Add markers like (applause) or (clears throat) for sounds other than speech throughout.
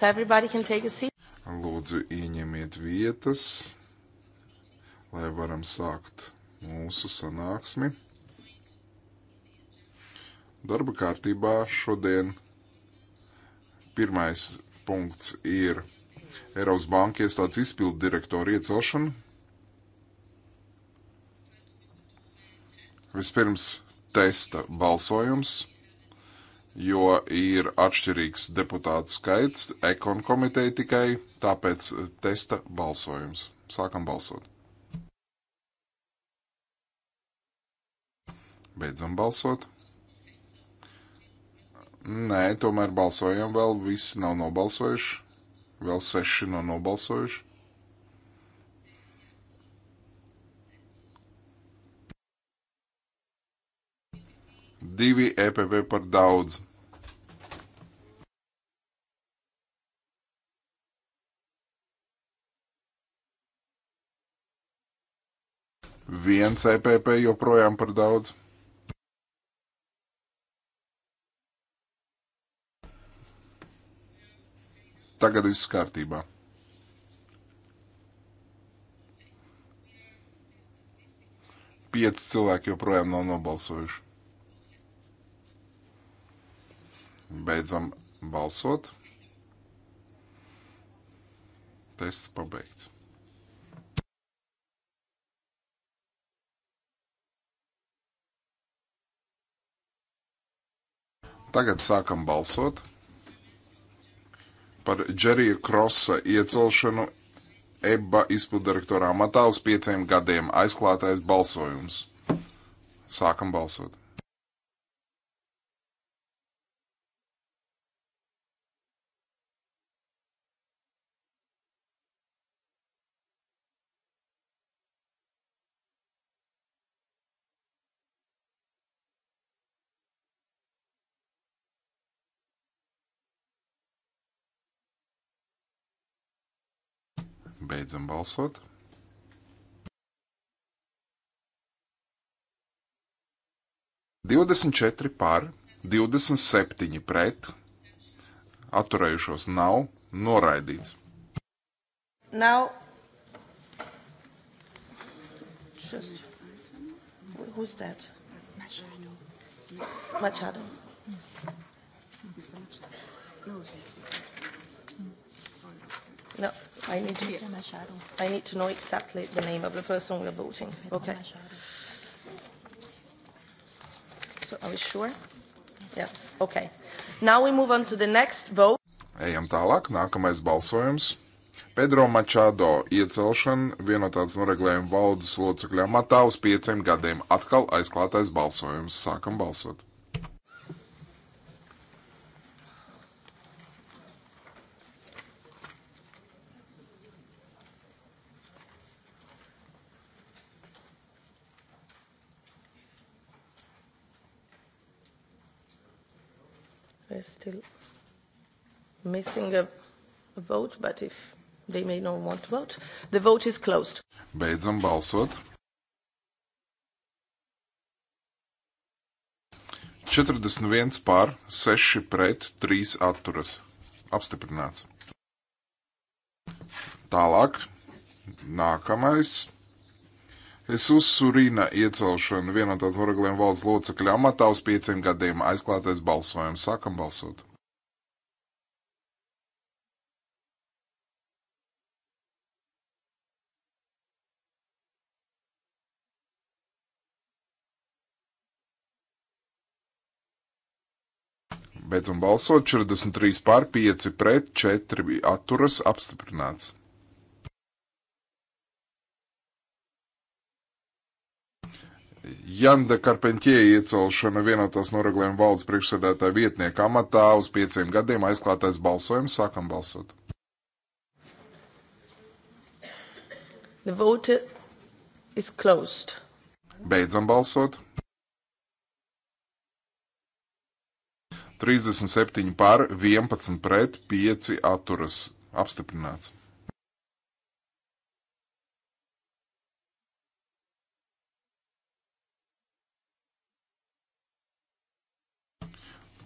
if everybody can take a seat. Lūdzu, ieņemiet vietas, lai varam sākt mūsu sanāksmi. Darba kārtībā šodien pirmais punkts ir Eiropas Banka iestādes izpildu direktoru iecelšana. Vispirms testa balsojums jo ir atšķirīgs deputātu skaits, ekon komiteja tikai, tāpēc testa balsojums. Sākam balsot. Beidzam balsot. Nē, tomēr balsojam vēl, visi nav nobalsojuši, vēl seši nav nobalsojuši. divi EPP par daudz. Viens EPP joprojām par daudz. Tagad viss kārtībā. Pieci cilvēki joprojām nav nobalsojuši. Beidzam balsot. Tests pabeigts. Tagad sākam balsot par Džerija Krosa iecelšanu EBA izpildirektorā matā uz pieciem gadiem aizklātais balsojums. Sākam balsot. Beidzam balsot. Divdesmit četri par, divdesmit septiņi pret, atturējušos nav, noraidīts. Now, just, who's that? Machado. Machado. No. I need, to, I need to know exactly the name of the person we are voting. Okay. So are we sure? Yes. Okay. Now we move on to the next vote. Ejam tālāk. Nākamais balsojums. Pedro Mačado iecelšana vienotāts noreglējuma valdes locekļa matā uz pieciem gadiem. Atkal aizklātais balsojums. Sākam balsot. are still missing a, a vote, but if they may not want to vote, the vote is closed. Beidzam balsot. 41 pār, 6 pret, 3 atturas. Apstiprināts. Tālāk, nākamais Es uzsurīna iecelšanu vienotās varagliem valsts locekļa amatā uz pieciem gadiem aizklātais balsojums. Sākam balsot! Beidzam balsot 43 pār 5 pret 4 atturas apstiprināts. Janda Karpentie iecelšana vienotās noregulējuma valdes priekšsēdētāja vietnieka amatā uz pieciem gadiem aizklātais balsojums. Sākam balsot. The vote is closed. Beidzam balsot. 37 pār, 11 pret, 5 atturas. Apstiprināts.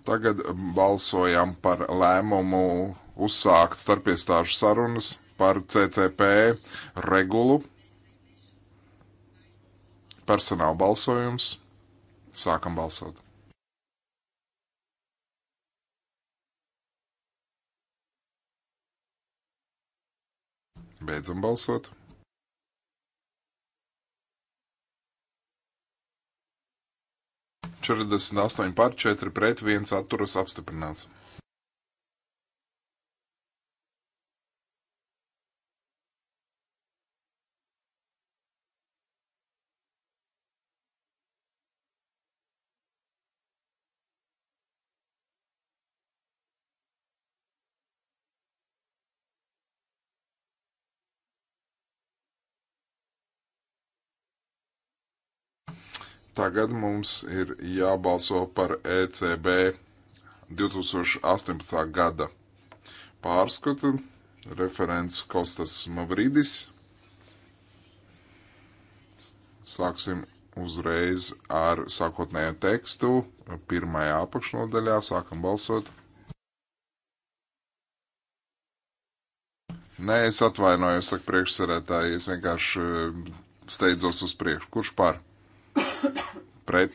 Tagad balsojam par lēmumu uzsākt starpiestāžu sarunas par CCP regulu. Personāla balsojums. Sākam balsot. Beidzam balsot. 48 pār 4 pret 1 atturas apstiprināts. Tagad mums ir jābalso par ECB 2018. gada pārskatu. Referents Kostas Mavridis. Sāksim uzreiz ar sākotnējo tekstu. Pirmajā apakšnodaļā sākam balsot. Nē, es atvainojos, saka priekšsarētāji, es vienkārši eh, steidzos uz priekšu. Kurš par? pret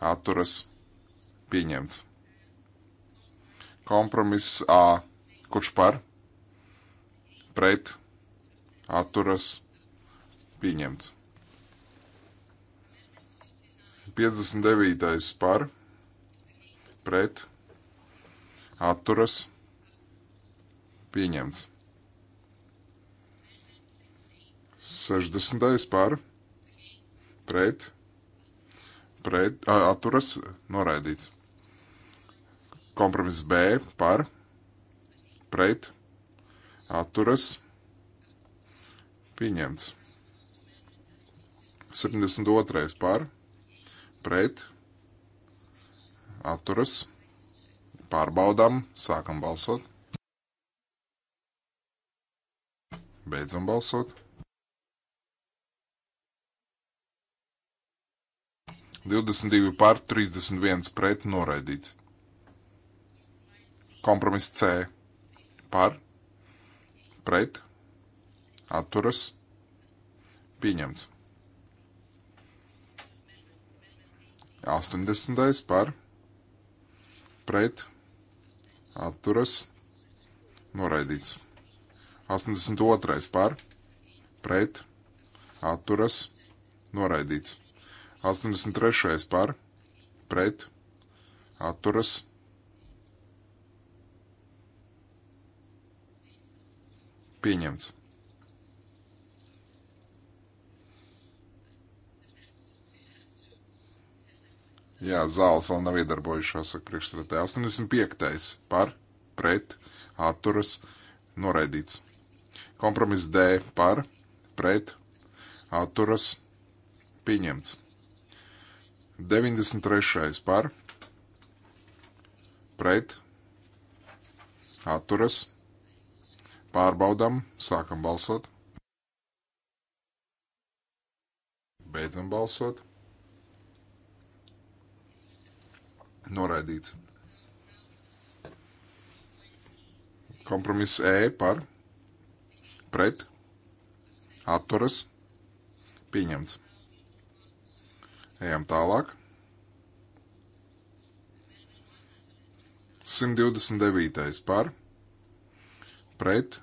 atturas pieņemts. Kompromiss A. Kurš par? Pret atturas pieņemts. 59. par pret atturas pieņemts. 60. par pret pret, pret atturas noraidīts. Kompromiss B par, pret, atturas pieņemts. 72. par, pret, atturas pārbaudām, sākam balsot. Beidzam balsot. 22 par 31 pret noraidīts. Kompromiss C par pret atturas pieņemts. 80. par pret atturas noraidīts. 82. par pret atturas noraidīts. 83. par pret atturas pieņemts. Jā, zāles vēl nav iedarbojušās, saka priekšstratē. 85. par, pret, atturas, noraidīts. Kompromiss D par, pret, atturas, pieņemts. 93. par pret atturas pārbaudam, sākam balsot, beidzam balsot, noraidīts. Kompromiss E par pret atturas pieņemts. Ejam tālāk. 129. par, pret,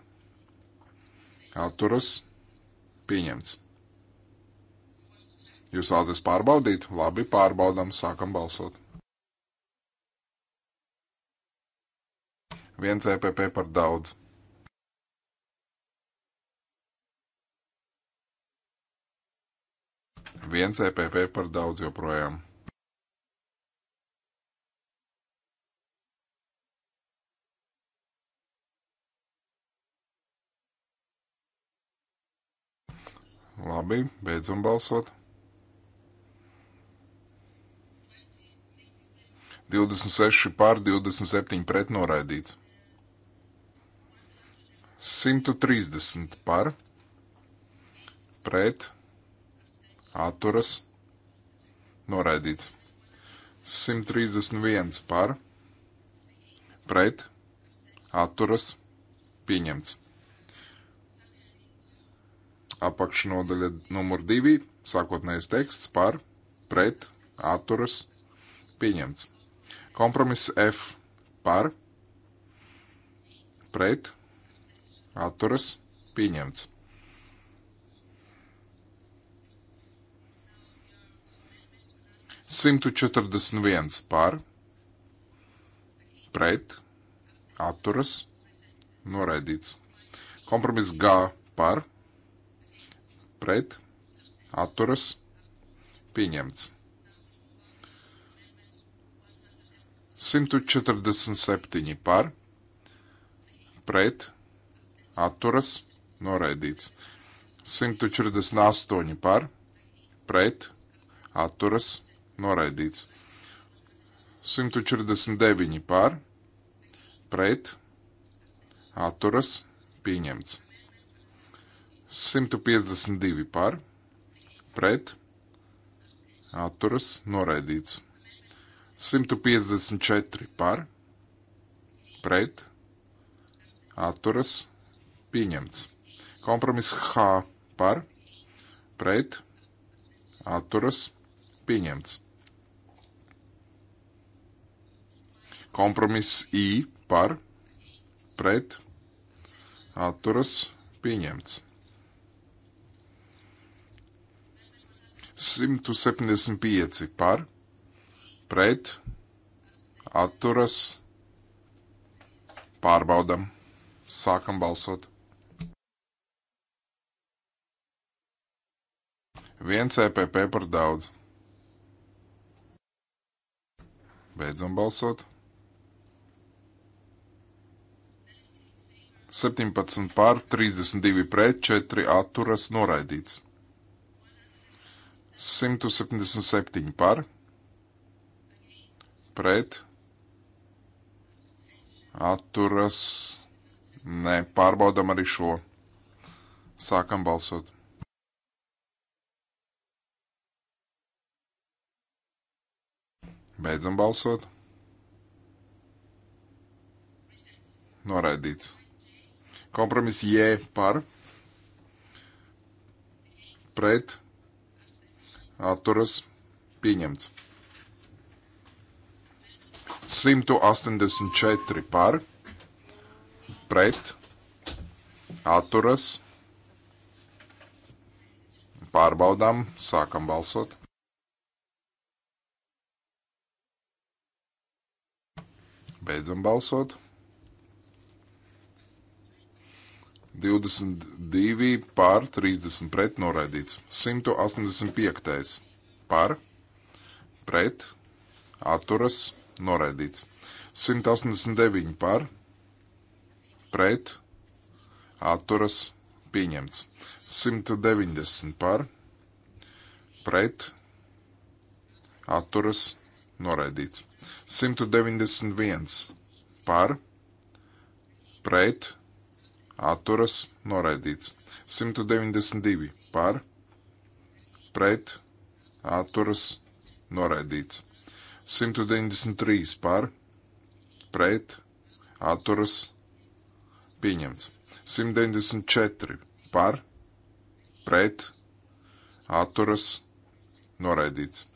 atturas, pieņemts. Jūs vēlaties pārbaudīt? Labi, pārbaudām, sākam balsot. Viens EPP par daudz. Viens EPP par daudz joprojām. Labi, beidzam balsot. 26 pār 27 pret noraidīts. 130 par pret atturas, noraidīts. 131 par, pret, atturas, pieņemts. Apakšnodaļa numur 2, sākotnējais teksts par, pret, atturas, pieņemts. Kompromiss F par, pret, atturas, pieņemts. 141 par, pret, atturas, noraidīts. Kompromiss G par, pret, atturas, pieņemts. 147 par, pret, atturas, noraidīts. 148 par, pret, atturas, noraidīts noraidīts. 149 par, pret, atturas, pieņemts. 152 par, pret, atturas, noraidīts. 154 par, pret, atturas, pieņemts. Kompromiss H par, pret, atturas, pieņemts. Kompromiss I par pret atturas pieņemts. 175 par pret atturas pārbaudam. Sākam balsot. Viens EPP par daudz. Beidzam balsot. 17 pār, 32 pret, 4 atturas noraidīts. 177 pār, pret, atturas, ne, pārbaudam arī šo. Sākam balsot. Beidzam balsot. Noraidīts. Kompromiss J par pret atturas pieņemts. 184 par pret atturas pārbaudām, sākam balsot. Beidzam balsot. 22 pār 30 pret noraidīts. 185. par pret atturas noraidīts. 189 par pret atturas pieņemts. 190 par pret atturas noraidīts. 191 par pret atturas atturas noraidīts. 192 par, pret, atturas noraidīts. 193 par, pret, atturas pieņemts. 194 par, pret, atturas noraidīts.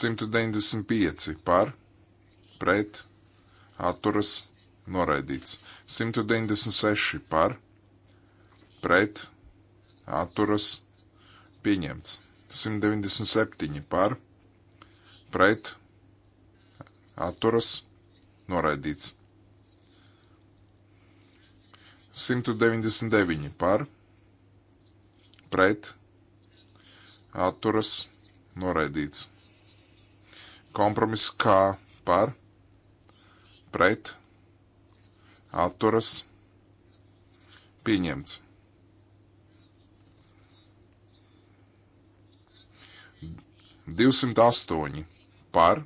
195 par, pret, atturas noraidīts. 196 par, pret, atturas, pieņemts. 197 par, pret, atturas, noraidīts. 199 par, pret, atturas, noraidīts. Kompromiss kā par, pret, atturas pieņemts. 208 par,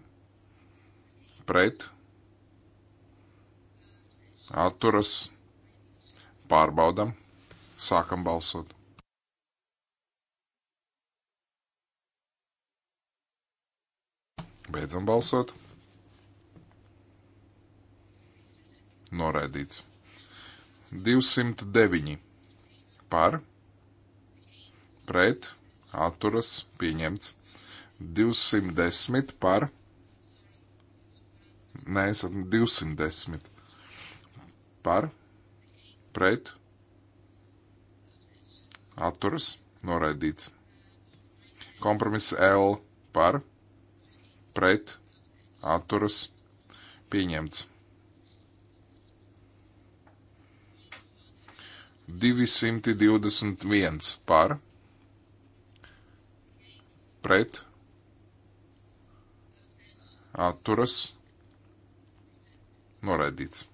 pret, atturas, pārbaudam, sākam balsot. Beidzam balsot. noraidīts. 209 par, pret, atturas, pieņemts. 210 par, nē, 210 par, pret, atturas, noraidīts. Kompromiss L par, pret, atturas, pieņemts. 221 par, pret, atturas, noraidīts.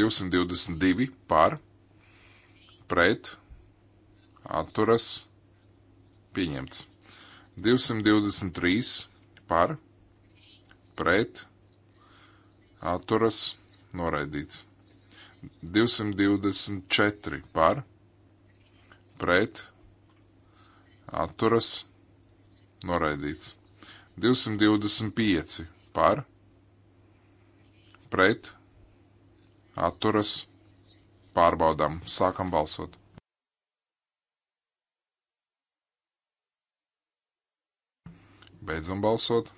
222 par, pret, atturas, pieņemts. 223 par, pret, atturas, noraidīts. 224 par, pret, atturas, noraidīts. 225 par, pret, atturas, pārbaudām, sākam balsot. Beidzam balsot.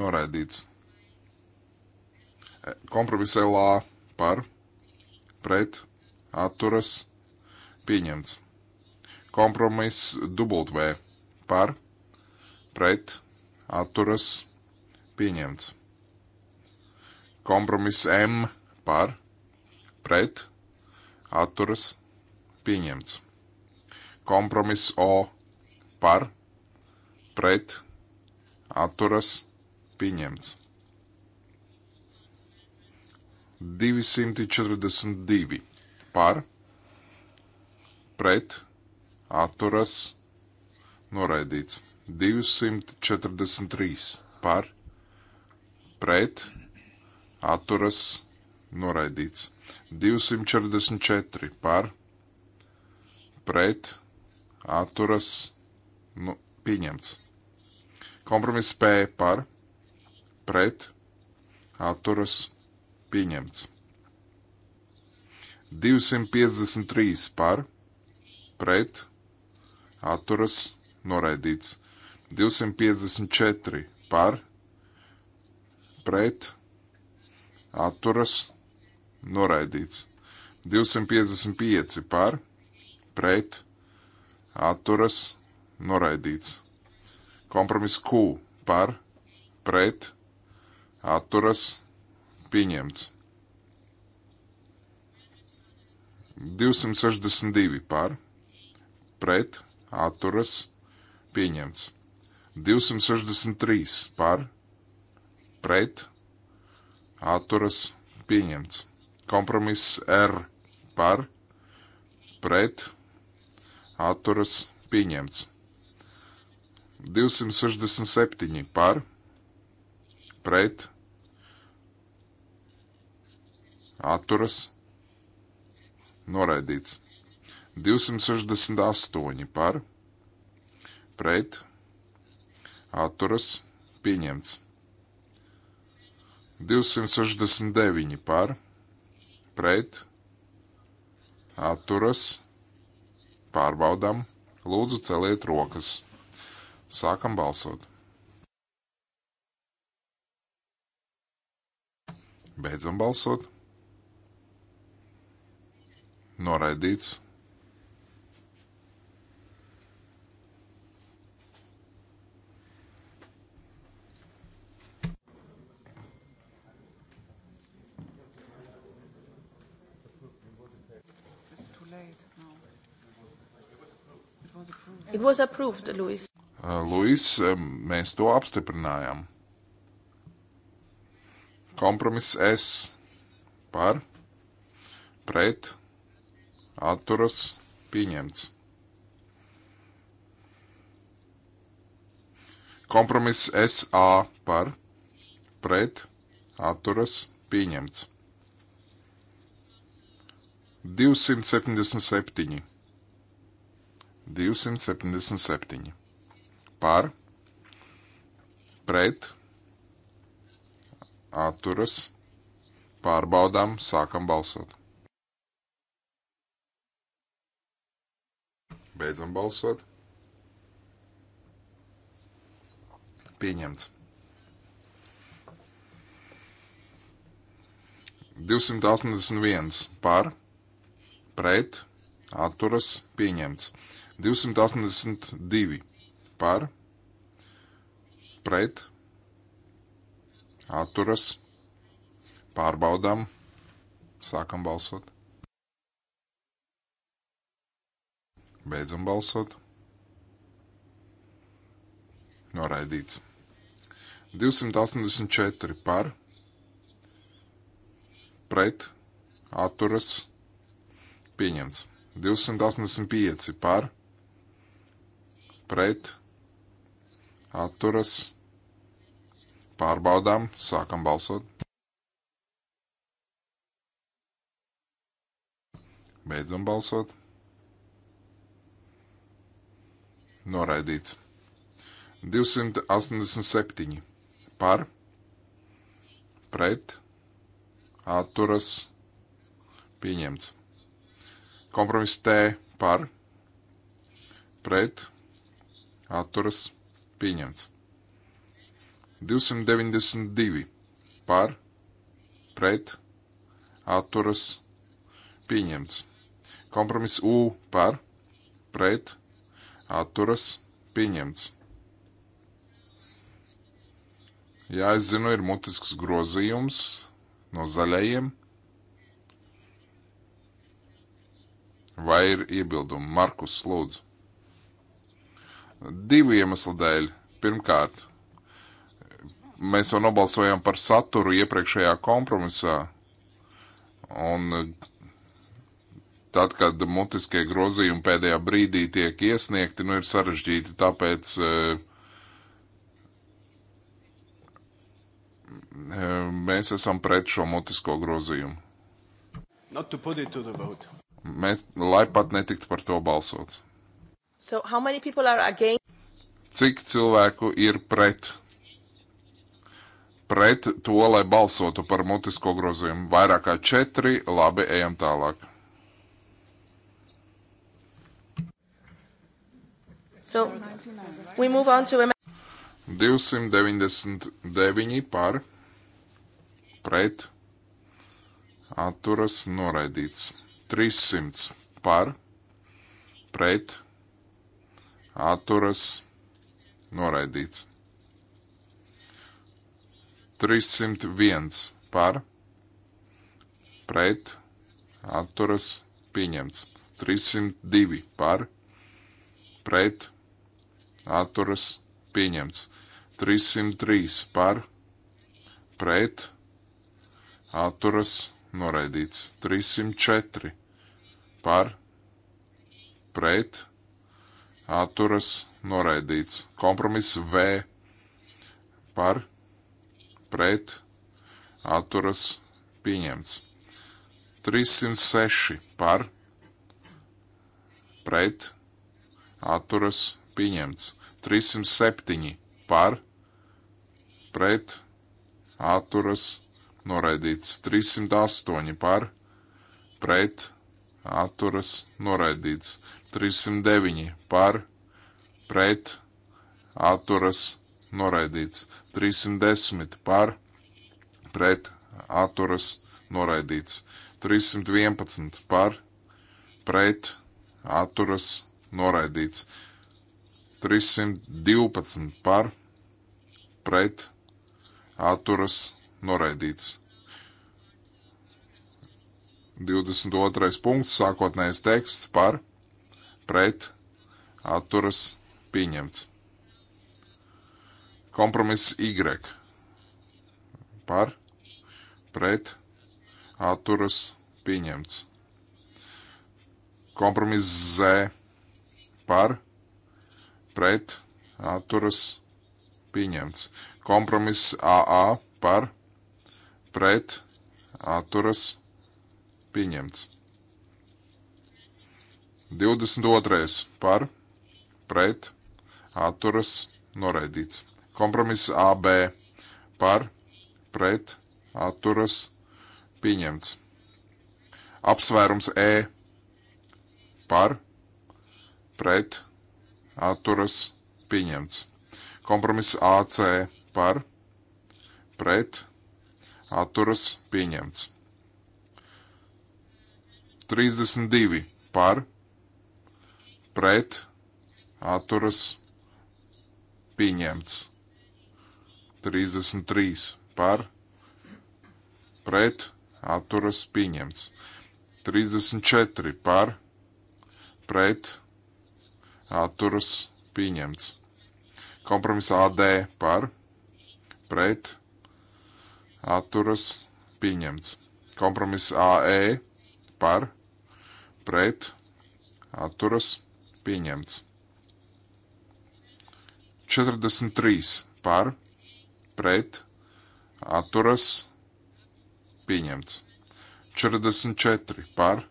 Noraidīts. Kompromisē lā par, pret, atturas, pieņemts. Kompromiss dubultvē par, pret, atturas, pieņemts. Kompromiss M par, pret, atturas, pieņemts. Kompromiss O par, pret, atturas, pieņemts 242 par, pret, atturas, noraidīts. 243 par, pret, atturas, noraidīts. 244 par, pret, atturas, nu, pieņemts. Kompromiss P par, pret, atturas, noraidīts Pieņemts. 253 par, pret, atturas, noraidīts. 254 par, pret, atturas, noraidīts. 255 par, pret, atturas, noraidīts. Kompromiss Q par, pret, atturas, noraidīts Pieņemts. 262 par, pret, atturas, pieņemts. 263 par, pret, atturas, pieņemts. Kompromiss R par, pret, atturas, pieņemts. 267 par, pret, atturas noraidīts. 268 par pret atturas pieņemts. 269 par pret atturas pārbaudām. Lūdzu, celiet rokas. Sākam balsot. Beidzam balsot. Noraidīts. It was approved, Luis. Uh, Luis, um, mēs to apstiprinājām. Kompromiss S par, pret, atturas pieņemts. Kompromiss SA par pret atturas pieņemts. 277. 277. Par pret atturas pārbaudām sākam balsot. Beidzam balsot. Pieņemts. 281 par, pret, atturas, pieņemts. 282 par, pret, atturas, pārbaudām, sākam balsot. Beidzam balsot. Noraidīts. 284 par, pret, atturas, pieņemts. 285 par, pret, atturas, pārbaudām, sākam balsot. Beidzam balsot. noraidīts. 287 par, pret, atturas, pieņemts. Kompromiss T par, pret, atturas, pieņemts. 292 par, pret, atturas, pieņemts. Kompromiss U par, pret, atturas, pieņemts atturas pieņemts. Jā, es zinu, ir mutisks grozījums no zaļajiem. Vai ir iebildumi? Markus, lūdzu. Divu iemeslu dēļ. Pirmkārt, mēs jau nobalsojām par saturu iepriekšējā kompromisā, un tad, kad mutiskie grozījumi pēdējā brīdī tiek iesniegti, nu ir sarežģīti, tāpēc eh, eh, mēs esam pret šo mutisko grozījumu. Mēs, lai pat netiktu par to balsots. So Cik cilvēku ir pret? Pret to, lai balsotu par mutisko grozījumu. Vairāk kā četri, labi, ejam tālāk. So, we move on to... 299 par pret atturas noraidīts. 300 par pret atturas noraidīts. 301 par pret atturas pieņemts. 302 par pret atturas atturas pieņemts. 303 par, pret, atturas noraidīts. 304 par, pret, atturas noraidīts. Kompromiss V par, pret, atturas pieņemts. 306 par, pret, atturas pieņemts. 307 par, pret, atturas, noraidīts. 308 par, pret, atturas, noraidīts. 309 par, pret, atturas, noraidīts. 310 par, pret, atturas, noraidīts. 311 par, pret, atturas, noraidīts. 312 par pret atturas noraidīts. 22. punkts, sākotnējais teksts par pret atturas pieņemts. Kompromiss Y par pret atturas pieņemts. Kompromiss Z par pret pret atturas pieņemts. Kompromiss AA par pret atturas pieņemts. 22. par pret atturas noraidīts. Kompromiss AB par pret atturas pieņemts. Apsvērums E par pret atturas pieņemts. Kompromiss AC par pret atturas pieņemts. 32 par pret atturas pieņemts. 33 par pret atturas pieņemts. 34 par pret atturas pieņemts atturas pieņemts. Kompromiss AD par, pret, atturas pieņemts. Kompromiss AE par, pret, atturas pieņemts. 43 par, pret, atturas pieņemts. 44 par,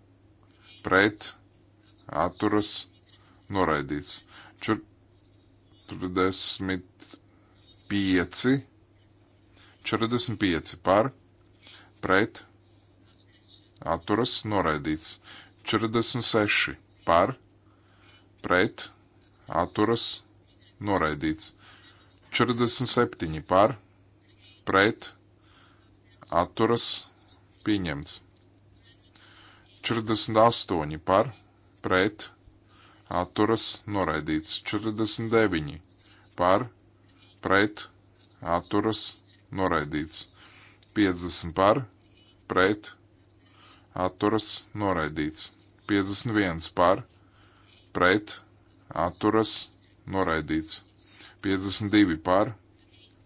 pret, atturas pieņemts noraidīts. 45, 45 par, pret, atturas, noraidīts. 46 par, pret, atturas, noraidīts. 47 par, pret, atturas, pieņemts. 48 par, pret, atturas noraidīts 49 par pret atturas noraidīts 50 par pret atturas noraidīts 51 par pret atturas noraidīts 52 par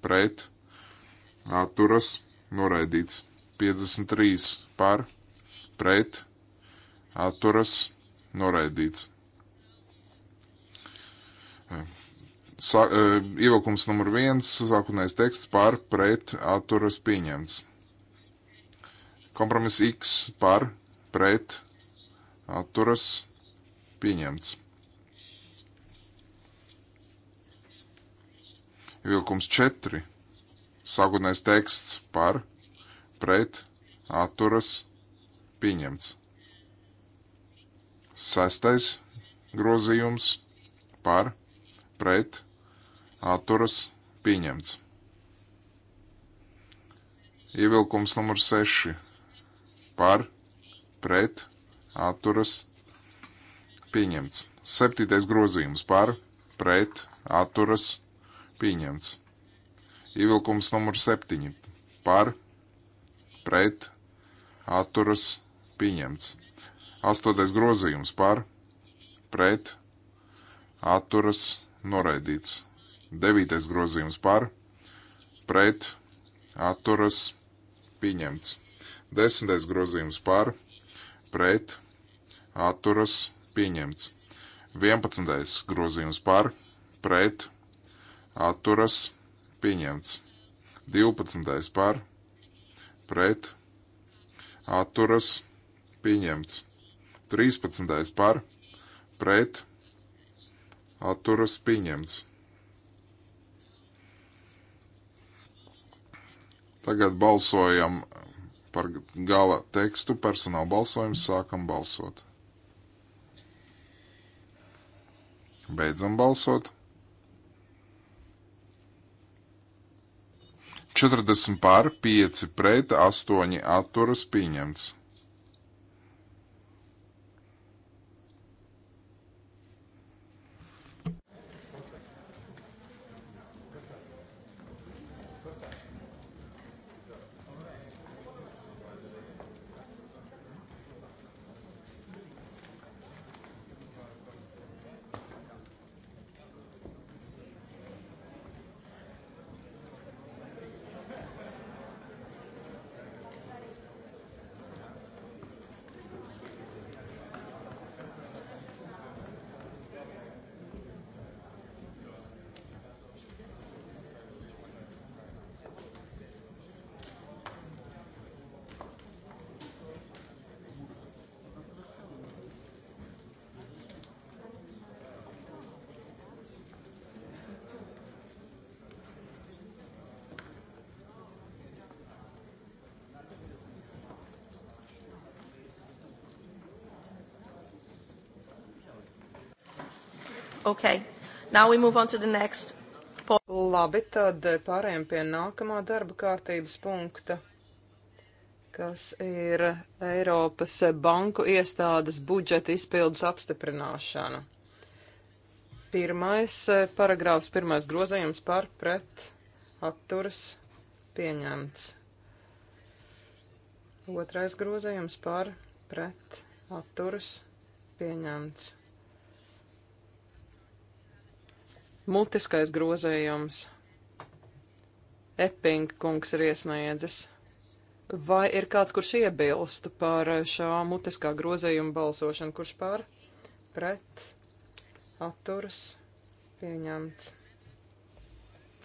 pret atturas noraidīts 53 par pret atturas noraidīts Sa, e, ievilkums numur viens, sākotnējais teksts par pret atturas pieņemts. Kompromiss X par pret atturas pieņemts. Ievilkums 4. Sākotnējais teksts par pret atturas pieņemts. Sestais grozījums par pret atturas pieņemts atturas pieņemts. Ievilkums numur 6 par, pret, atturas pieņemts. Septītais grozījums par, pret, atturas pieņemts. Ievilkums numur 7 par, pret, atturas pieņemts. Astotais grozījums par, pret, atturas noraidīts. Devītais grozījums par, pret, atturas, pieņemts. Desmitais grozījums par, pret, atturas, pieņemts. Vienpadsmitais grozījums par, pret, atturas, pieņemts. Divpadsmitais par, pret, atturas, pieņemts. Trīspadsmitais par, pret, atturas, pieņemts. Tagad balsojam par gala tekstu, personāla balsojumu, sākam balsot. Beidzam balsot. 40 pār, 5 pret, 8 atturas pieņemts. Okay. Now we move on to the next. Labi, tad pārējām pie nākamā darba kārtības punkta, kas ir Eiropas banku iestādes budžeta izpildes apstiprināšana. Pirmais eh, paragrāfs, pirmais grozījums par pret atturas pieņemts. Otrais grozījums par pret atturas pieņemts. Mutiskais grozējums. Epping kungs ir iesniedzis. Vai ir kāds, kurš iebilstu par šā mutiskā grozējuma balsošanu, kurš pār pret atturas pieņemts?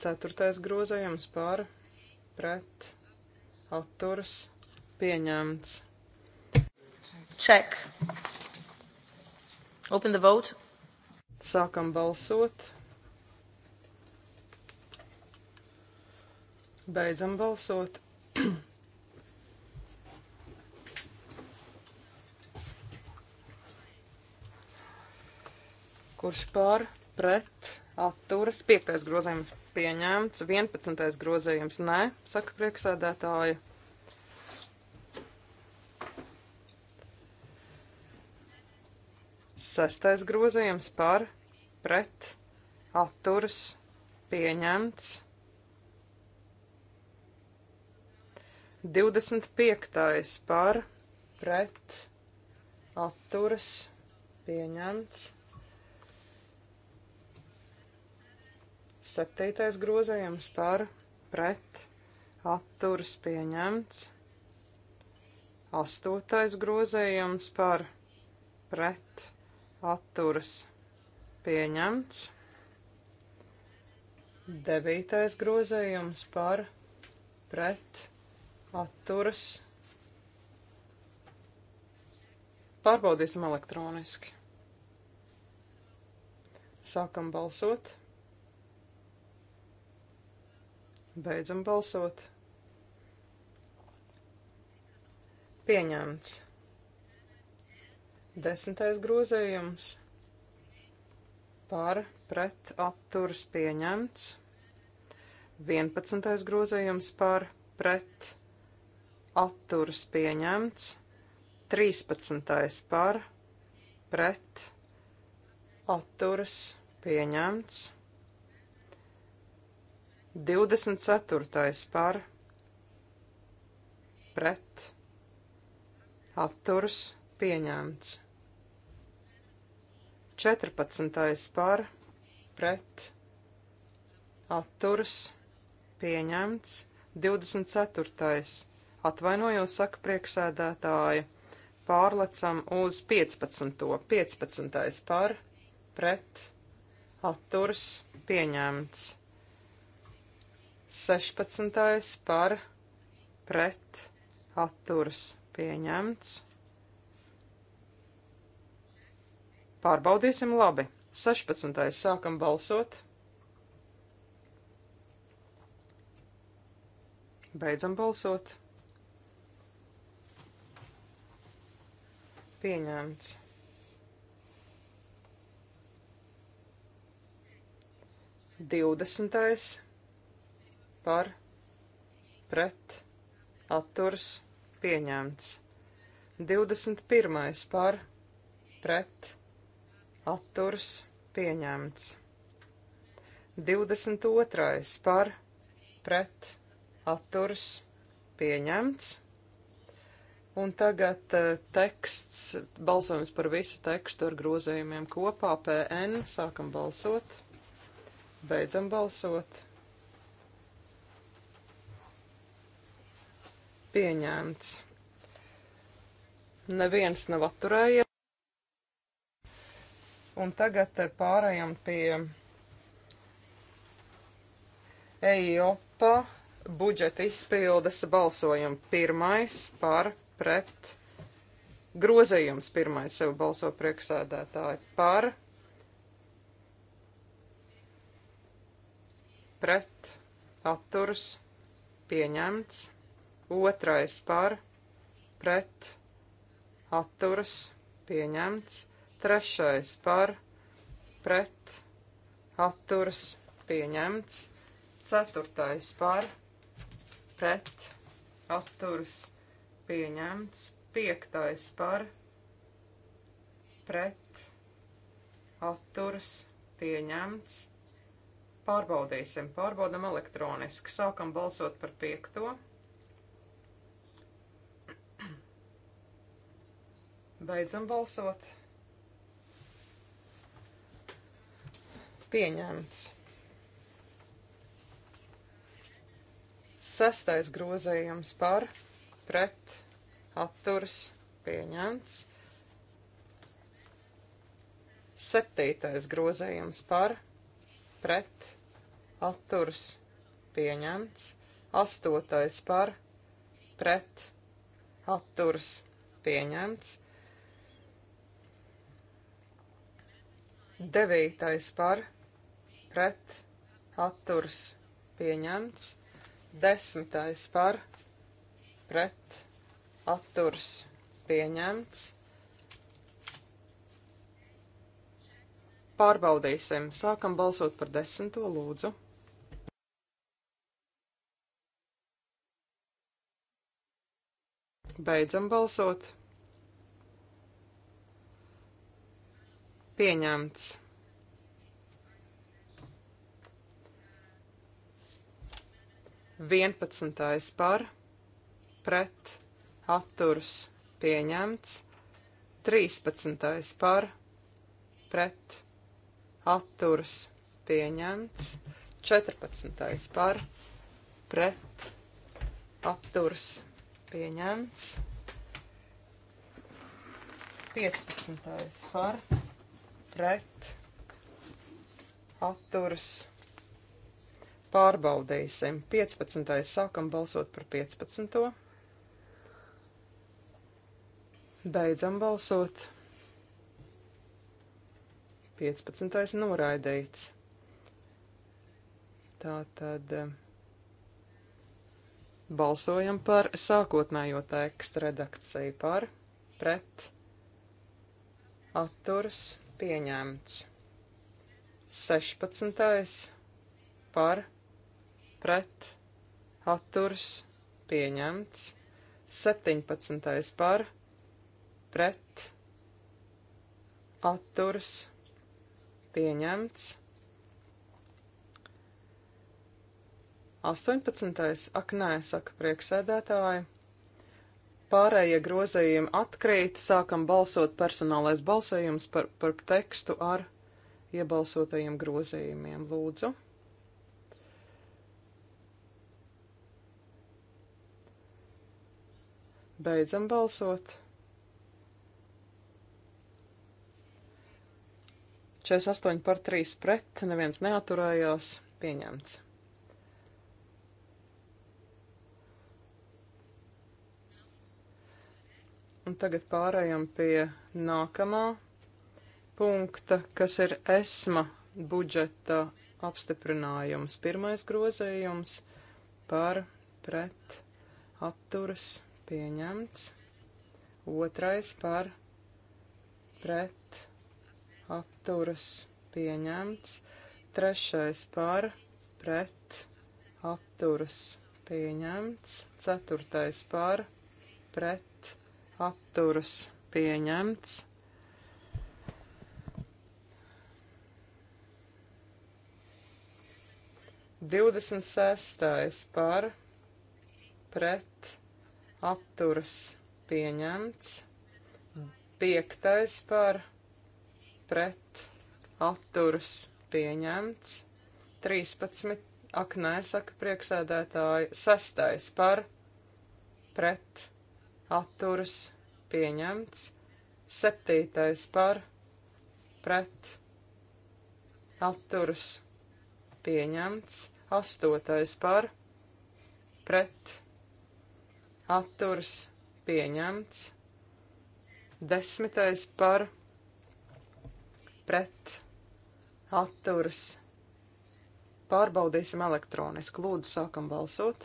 Ceturtais grozējums pār pret atturas pieņemts. Check. Open the vote. Sākam balsot. Beidzam balsot. Kurš pār, pret, atturas, 5. grozījums pieņemts, 11. grozījums nē, saka prieksēdētāja. Sestais grozījums par, pret, atturas, pieņemts. 25. par pret atturas pieņemts. 7. grozējums par pret atturas pieņemts. 8. grozējums par pret atturas pieņemts. 9. grozējums par pret atturas pieņemts atturas. Pārbaudīsim elektroniski. Sākam balsot. Beidzam balsot. Pieņemts. Desmitais grozējums par pret atturas pieņemts. Vienpadsmitais grozējums par pret atturas pieņemts, 13. par, pret, atturas pieņemts, 24. par, pret, atturas pieņemts, 14. par, pret, atturas pieņemts, 24. Atvainojos, saka prieksēdētāja. Pārlecam uz 15. 15. par, pret, atturs, pieņemts. 16. par, pret, atturs, pieņemts. Pārbaudīsim labi. 16. sākam balsot. Beidzam balsot. pieņemts. Divdesmitais par pret atturs pieņemts. Divdesmit pirmais par pret atturs pieņemts. Divdesmit otrais par pret atturs pieņemts. Un tagad uh, teksts, balsojums par visu tekstu ar grozējumiem kopā, PN, sākam balsot, beidzam balsot. Pieņemts. Neviens nav atturējies. Un tagad uh, pārējām pie EIOPA budžeta izpildes balsojumu pirmais par pret. Grozījums pirmais sev balso priekšsēdētāji par. Pret. Atturs. Pieņemts. Otrais par. Pret. Atturs. Pieņemts. Trešais par. Pret. Atturs. Pieņemts. Ceturtais par. Pret. Atturs. Pieņemts pieņemts. Piektais par pret atturas pieņemts. Pārbaudīsim, pārbaudam elektroniski. Sākam balsot par piekto. Beidzam balsot. Pieņemts. Sestais grozējums par pret, atturs, pieņemts. Septītais grozējums par, pret, atturs, pieņemts. Astotais par, pret, atturs, pieņemts. Devītais par, pret, atturs, pieņemts. Desmitais par, pret, pret atturs pieņemts. Pārbaudīsim. Sākam balsot par desmito lūdzu. Beidzam balsot. Pieņemts. Vienpadsmitais par pret, atturs, pieņemts. 13. par, pret, atturs, pieņemts. 14. par, pret, atturs, pieņemts. 15. par, pret, atturs, pārbaudīsim. 15. sākam balsot par 15. Beidzam balsot. 15. noraidīts. Tā tad eh, balsojam par sākotnējo tekstu redakciju par pret atturs pieņemts. 16. par pret atturs pieņemts. 17. par pret pret, atturs, pieņemts. 18. ak nē, saka prieksēdētāji. Pārējie grozējumi atkrīt, sākam balsot personālais balsējums par, par tekstu ar iebalsotajiem grozējumiem. Lūdzu! Beidzam balsot! 48 par 3 pret, neviens neaturējās, pieņemts. Un tagad pārējām pie nākamā punkta, kas ir esma budžeta apstiprinājums. Pirmais grozējums par pret atturas pieņemts, otrais par pret atturas pieņemts. Trešais par pret atturas pieņemts. Ceturtais par pret atturas pieņemts. Divdesmit sestais par pret atturas pieņemts. Piektais par pret pret, atturas pieņemts. 13, ak, nē, saka prieksēdētāji, 6 par, pret, atturas pieņemts. 7 par, pret, atturas pieņemts. 8 par, pret, atturas pieņemts. 10 par, pret pret atturas. Pārbaudīsim elektroniski. Lūdzu, sākam balsot.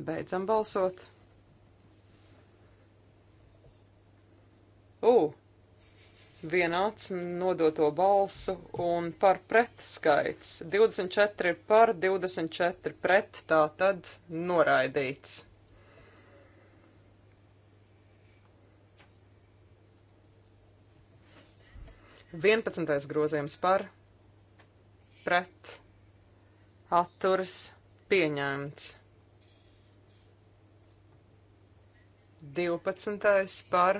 Beidzam balsot. U. Vienāds nodoto balsu un par pretskaits. 24 par 24 pret, tā tad noraidīts. 11. grozījums par pret atturas pieņemts. 12. par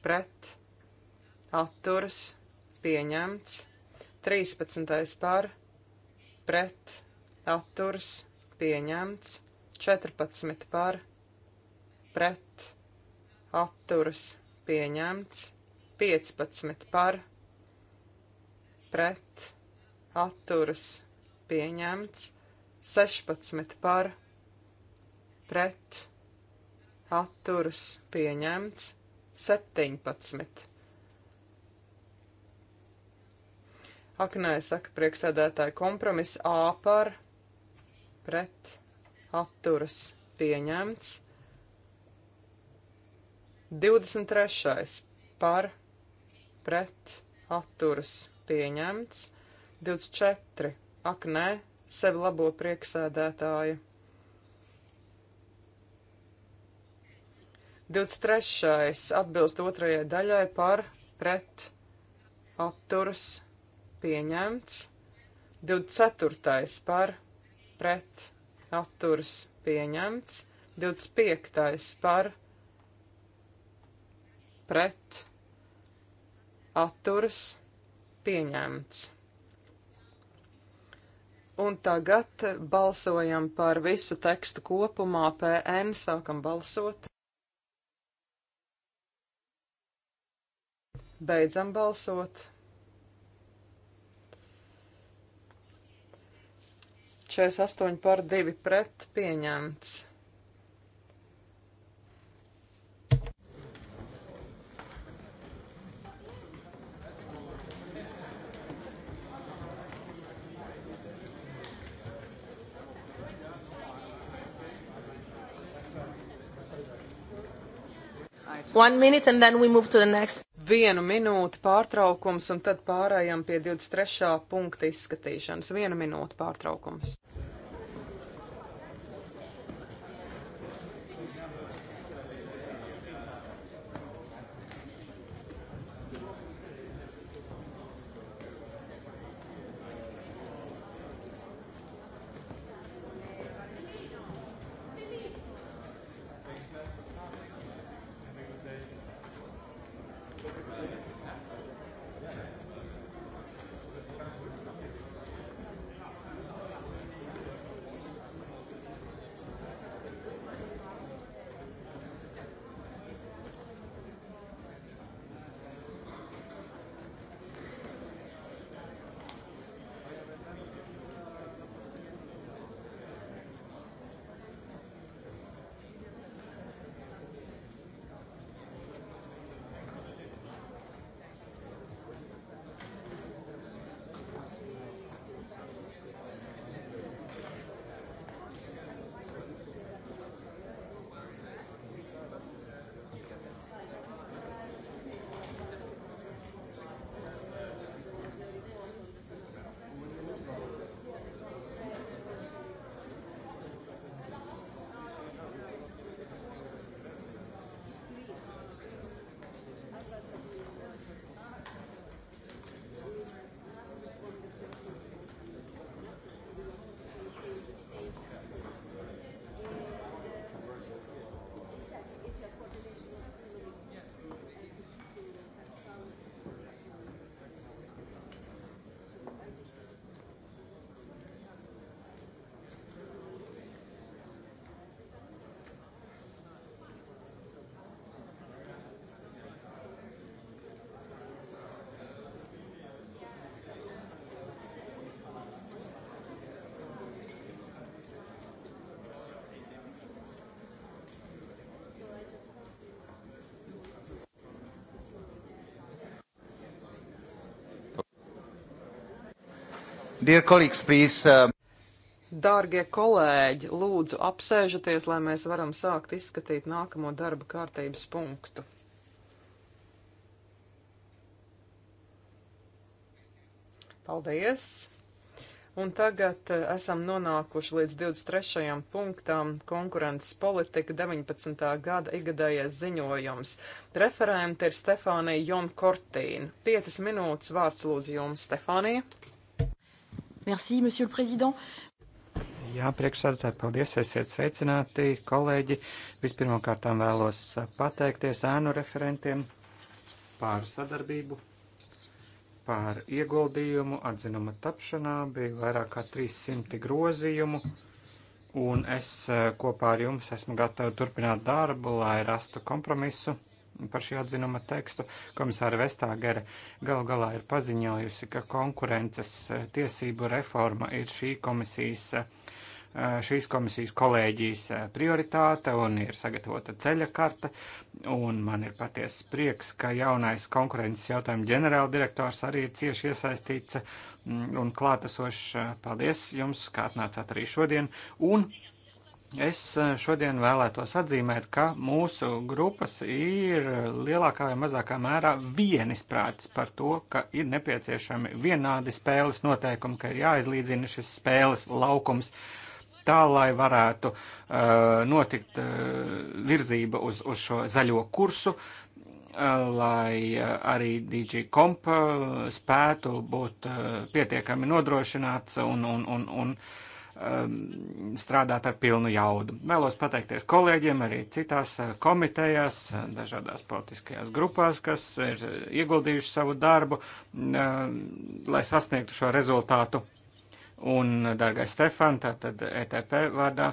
pret atturas pieņemts. 13. par pret atturas pieņemts. 14. par pret atturas pieņemts. 15 par pret atturas pieņemts, 16 par pret atturas pieņemts, 17. Aknē saka prieksēdētāji kompromiss A par pret atturas pieņemts. 23. par pret, atturas, pieņemts. 24. Ak, nē, sevi labo prieksēdētāju. 23. atbilst otrajai daļai par pret, atturas, pieņemts. 24. par pret, atturas, pieņemts. 25. par pret, atturas pieņemts. Un tagad balsojam par visu tekstu kopumā PN, sākam balsot. Beidzam balsot. 48 par 2 pret pieņemts. Vienu minūti pārtraukums un tad pārējām pie 23. punkta izskatīšanas. Vienu minūti pārtraukums. Dear colleagues, please. Um... Dārgie kolēģi, lūdzu apsēžaties, lai mēs varam sākt izskatīt nākamo darba kārtības punktu. Paldies! Un tagad uh, esam nonākuši līdz 23. punktam - konkurences politika 19. gada igadējais ziņojums. Referente ir Stefānija Jonkortīna. Piecas minūtes vārds lūdzu jums, Stefānija. Merci, monsieur le président. Jā, priekšsādātāji, paldies, esiet sveicināti, kolēģi. Vispirmkārt vēlos pateikties ēnu referentiem par sadarbību, par ieguldījumu, atzinuma tapšanā, bija vairāk kā 300 grozījumu, un es eh, kopā ar jums esmu gatava turpināt darbu, lai rastu kompromisu par šī atzinuma tekstu. Komisāra Vestāgere gal galā ir paziņojusi, ka konkurences e, tiesību reforma ir šī komisijas. E, e, šīs komisijas kolēģijas prioritāte un ir sagatavota ceļa karta, un man ir patiesa prieks, ka jaunais konkurences jautājumu ģenerāldirektors arī ir cieši iesaistīts un klātesošs. Paldies jums, ka atnācāt arī šodien, un Es e, šodien vēlētos atzīmēt, ka mūsu grupas ir lielākā vai mazākā mērā vienisprātis par to, ka ir nepieciešami vienādi spēles noteikumi, ka ir jāizlīdzina šis spēles laukums tā, lai varētu uh, notikt uh, virzība uz, uz šo zaļo kursu, uh, lai uh, arī DJ Komp uh, spētu būt uh, pietiekami nodrošināts un, un, un, un uh, um, strādāt ar pilnu jaudu. Vēlos pateikties kolēģiem arī citās uh, komitejās, uh, dažādās politiskajās grupās, kas ir ieguldījuši savu darbu, um, lai sasniegtu šo rezultātu. Un, dārgais Stefan, tātad ETP vārdā,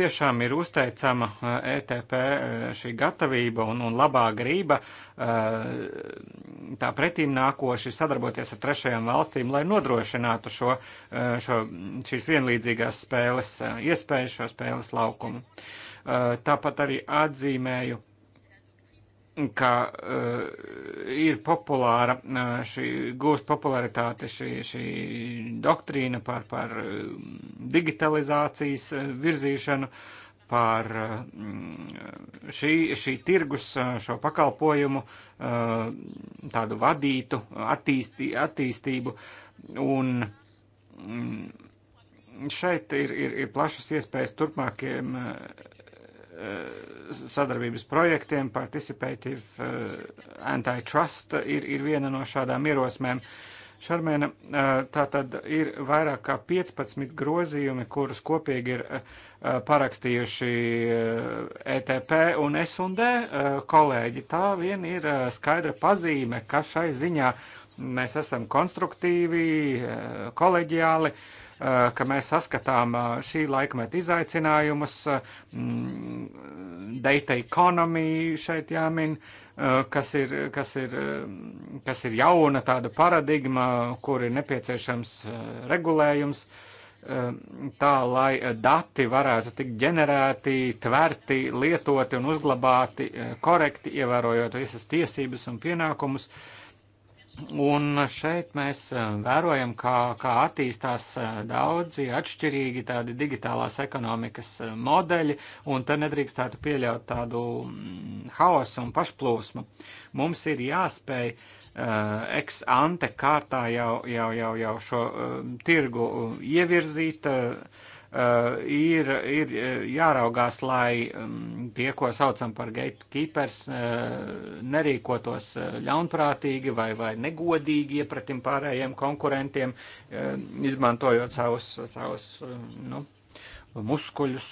tiešām ir uzteicama ETP šī gatavība un, un labā grība tā pretīm nākoši sadarboties ar trešajām valstīm, lai nodrošinātu šo, šo, šīs vienlīdzīgās spēles iespēju, šo spēles laukumu. Tāpat arī atzīmēju ka uh, ir populāra uh, šī, gūst popularitāte šī, šī doktrīna par, par eh, digitalizācijas virzīšanu, par uh, šī, šī tirgus, šo pakalpojumu uh, tādu vadītu attīstī, attīstību. Un, um, šeit ir, ir, ir plašas iespējas turpmākiem uh, Eh, sadarbības projektiem, Participative eh, Antitrust ir, ir viena no šādām ierosmēm. Šarmēna, eh, tā tad ir vairāk kā 15 grozījumi, kurus kopīgi ir parakstījuši ETP e un S&D kolēģi. Tā vien ir skaidra pazīme, ka šai ziņā mēs esam konstruktīvi, koleģiāli. Uh, Eh, ka mēs saskatām eh, šī laikmeta izaicinājumus, eh, mm, data ekonomiju šeit jāmin, kas ir, kas, ir, kas ir jauna tāda paradigma, kur ir nepieciešams regulējums tā, lai dati varētu tikt ģenerēti, tverti, lietoti un uzglabāti korekti, ievērojot visas tiesības un pienākumus. Uh, Un šeit mēs eh, vērojam, kā, kā attīstās eh, daudzi atšķirīgi tādi digitālās ekonomikas eh, modeļi, un te nedrīkstētu pieļaut tādu mm, haosu un pašplūsmu. Mums ir jāspēj uh, ex ante kārtā jau, jau, jau, jau šo uh, tirgu ievirzīt. Uh, Eh, ir, ir eh, jāraugās, lai mm, tie, ko saucam par gatekeepers, eh, nerīkotos ļaunprātīgi vai, vai negodīgi iepratim pārējiem konkurentiem, izmantojot savus, savus nu, muskuļus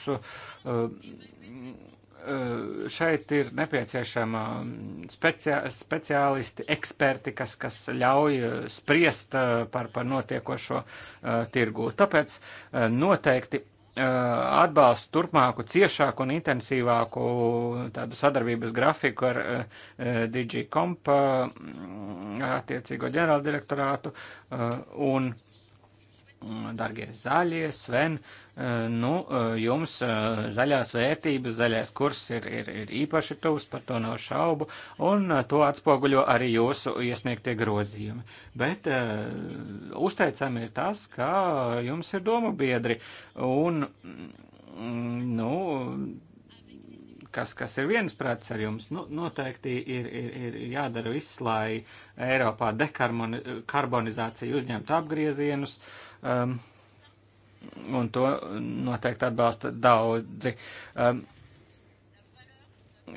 Eh, šeit ir nepieciešama mm, speciā, speciālisti, eksperti, kas, kas ļauj eh, spriest eh, par, par notiekošo tirgu. Tāpēc noteikti atbalstu turpmāku, ciešāku un intensīvāku tādu sadarbības grafiku ar uh, DigiComp, mm, ar attiecīgo ģenerāldirektorātu uh, un Dargie zaļie, Sven, eh, nu, eh, jums eh, zaļās vērtības, zaļais kurs ir, ir, ir īpaši tuvs, par to nav šaubu, un to atspoguļo arī jūsu iesniegtie grozījumi. Bet uzteicami ir tas, ka jums ir domu biedri, un, mm, nu, kas, kas ir viensprāts ar jums, nu, noteikti ir, ir, ir jādara viss, lai Eiropā dekarbonizācija uzņemtu apgriezienus. Uh, Um, un to noteikti atbalsta daudzi. Um, uh,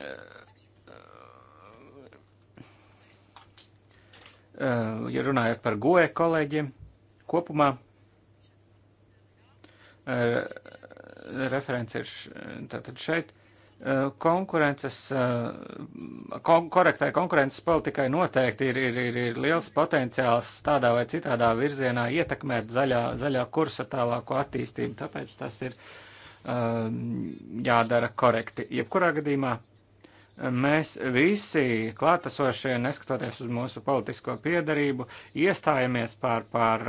ja runājot par goe kolēģiem kopumā, uh, referents ir tātad šeit. Eh, konkurences, eh, kon korektai konkurences politikai noteikti ir, ir, ir, ir liels potenciāls tādā vai citādā virzienā ietekmēt zaļā, zaļā kursa tālāko attīstību, tāpēc tas ir eh, jādara korekti. Jebkurā gadījumā mēs visi klātesošie, neskatoties uz mūsu politisko piedarību, iestājamies par, par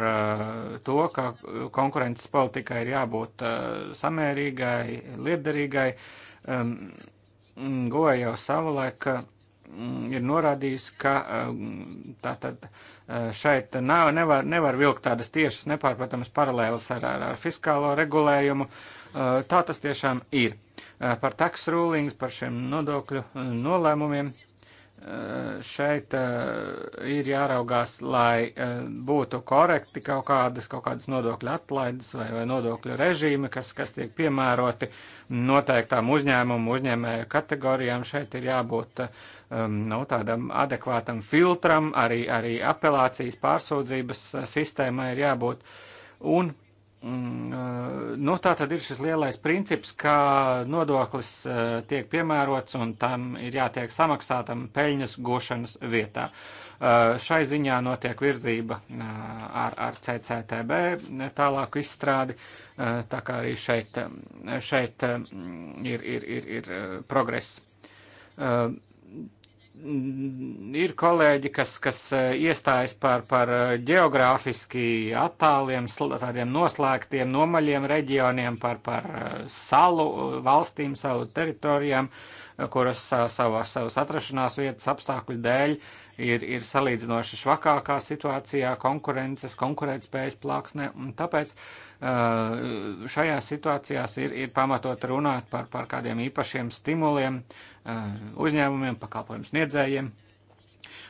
to, ka konkurences politikai ir jābūt samērīgai, liederīgai, uh, Um, Goja jau savulaik uh, mm, ir norādījusi, ka um, tātad uh, šeit nav, nevar, nevar vilkt tādas tiešas nepārprotamas paralēlas ar, ar, ar fiskālo regulējumu. Uh, tā tas tiešām ir. Par tax rulings, par šiem nodokļu nolēmumiem Eh, šeit eh, ir jāraugās, lai eh, būtu korekti kaut kādas, kaut kādas nodokļu atlaides vai, vai nodokļu režīmi, kas, kas tiek piemēroti noteiktām uzņēmumu uzņēmēju kategorijām. Šeit ir jābūt um, nu, tādam adekvātam filtram, arī, arī apelācijas pārsūdzības sistēmai ir jābūt. Un Eh, nu, tā tad ir šis lielais princips, ka nodoklis uh, tiek piemērots un tam ir jātiek samaksātam peļņas gošanas vietā. Uh, šai ziņā notiek virzība uh, ar, ar CCTB tālāku izstrādi, uh, tā kā arī šeit, šeit uh, ir, ir, ir, ir progress. Uh, ir kolēģi, kas, kas eh, iestājas par, par eh, geogrāfiski attāliem, tādiem noslēgtiem, nomaļiem reģioniem, par, par eh, salu valstīm, salu teritorijām, kuras savas, savas atrašanās vietas apstākļu dēļ uh, ir, ir salīdzinoši švakākā situācijā, konkurences, konkurētspējas plāksnē, un tāpēc uh, šajās situācijās ir, ir pamatot runāt par, par kādiem īpašiem stimuliem uh, uzņēmumiem, pakalpojumu sniedzējiem.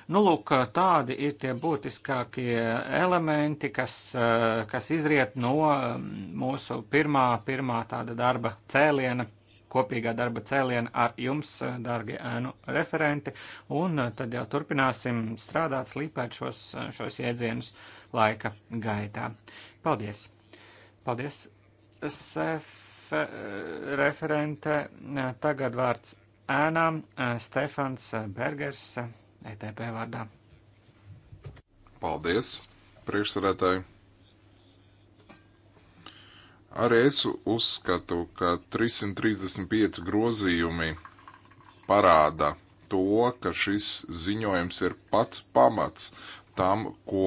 Nu, lūk, tādi ir tie būtiskākie elementi, kas, uh, kas izriet no um, mūsu pirmā, pirmā tāda darba cēliena kopīgā darba cēliena ar jums, eh, dārgie ēnu referenti, un eh, tad jau turpināsim strādāt, slīpēt šos, eh, šos jēdzienus laika gaitā. Paldies! Paldies, Sef, referente. Tagad vārds ēnām Stefans Bergers, ETP e vārdā. Paldies, priekšsarētāji! Arī es uzskatu, ka 335 grozījumi parāda to, ka šis ziņojums ir pats pamats tam, ko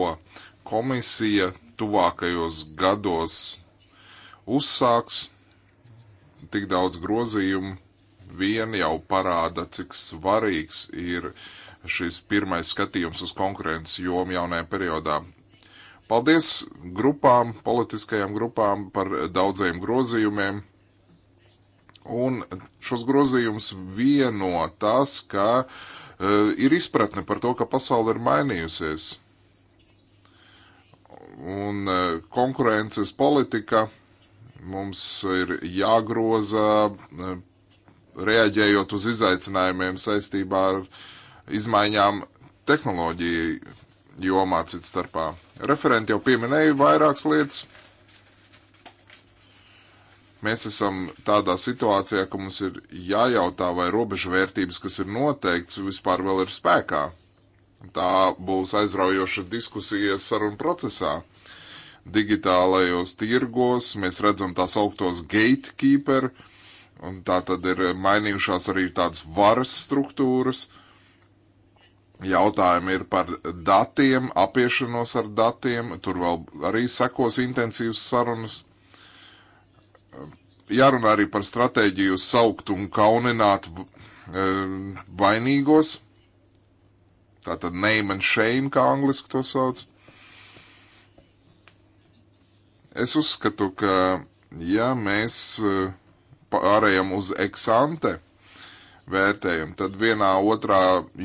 komisija tuvākajos gados uzsāks. Tik daudz grozījumu vien jau parāda, cik svarīgs ir šis pirmais skatījums uz konkurences jomu jaunajā periodā. Paldies grupām, politiskajām grupām par daudziem grozījumiem. Un šos grozījumus vieno tas, ka uh, ir izpratne par to, ka pasaule ir mainījusies. Un uh, konkurences politika mums ir jāgroza, uh, reaģējot uz izaicinājumiem saistībā ar izmaiņām tehnoloģiju jomā cits starpā. Referenti jau pieminēja vairākas lietas. Mēs esam tādā situācijā, ka mums ir jājautā, vai robežu vērtības, kas ir noteikts, vispār vēl ir spēkā. Tā būs aizraujoša diskusija sarunu procesā. Digitālajos tirgos mēs redzam tās augtos gatekeeper, un tā tad ir mainījušās arī tādas varas struktūras – Jautājumi ir par datiem, apiešanos ar datiem, tur vēl arī sekos intensīvas sarunas. Jārunā arī par stratēģiju saukt un kaunināt e, vainīgos. Tātad name and shame, kā angliski to sauc. Es uzskatu, ka ja mēs e, pārējām uz eksante, vērtējumu, tad vienā otrā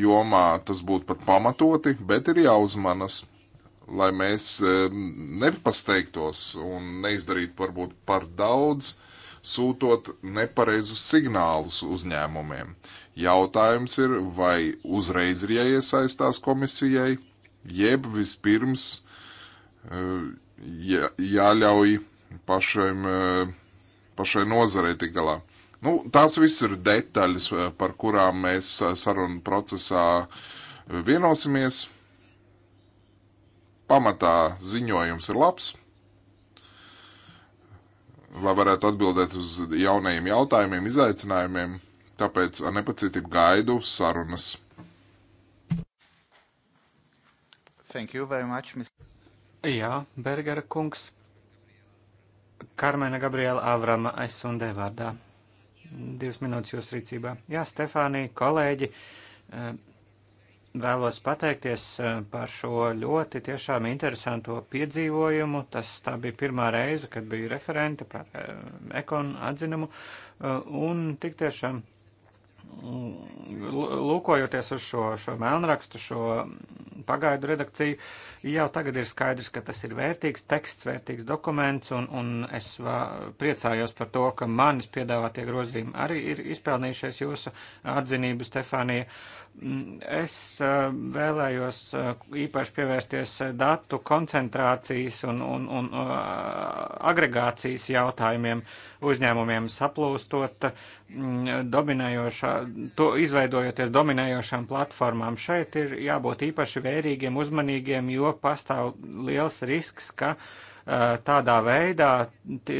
jomā tas būtu pat pamatoti, bet ir jāuzmanas, lai mēs eh, nepasteigtos un neizdarītu varbūt par daudz, sūtot nepareizus signālus uzņēmumiem. Jautājums ir, vai uzreiz ir jāiesaistās komisijai, jeb vispirms eh, jā, jāļauj pašiem, eh, pašai nozarei tik galā. Nu, tās viss ir detaļas, eh, par kurām mēs eh, sarunu procesā eh, vienosimies. Pamatā ziņojums ir labs. Lai varētu atbildēt uz jaunajiem jautājumiem, izaicinājumiem, tāpēc ar nepacietību gaidu sarunas. Thank you very much, Mr. Jā, Bergera kungs. Karmena Gabriela Avrama, es un Devārdā. Divas minūtes jūsu rīcībā. Jā, Stefānija, kolēģi, e, vēlos pateikties e, par šo ļoti tiešām interesanto piedzīvojumu. Tas tā bija pirmā reize, kad bija referente par e, ekonu atzinumu. Un tik tiešām lūkojoties uz šo, šo mēlnrakstu, šo pagaidu redakciju, jau tagad ir skaidrs, ka tas ir vērtīgs teksts, vērtīgs dokuments, un, un es vā, priecājos par to, ka manis piedāvātie grozījumi arī ir izpelnījušies jūsu atzinību, Stefānija. Uh, Mm, es eh, vēlējos eh, īpaši pievērsties eh, datu koncentrācijas un, un, un agregācijas jautājumiem uzņēmumiem saplūstot, mm, dominējošā, to izveidojoties dominējošām platformām. Šeit ir jābūt īpaši vērīgiem, uzmanīgiem, jo pastāv liels risks, ka tādā veidā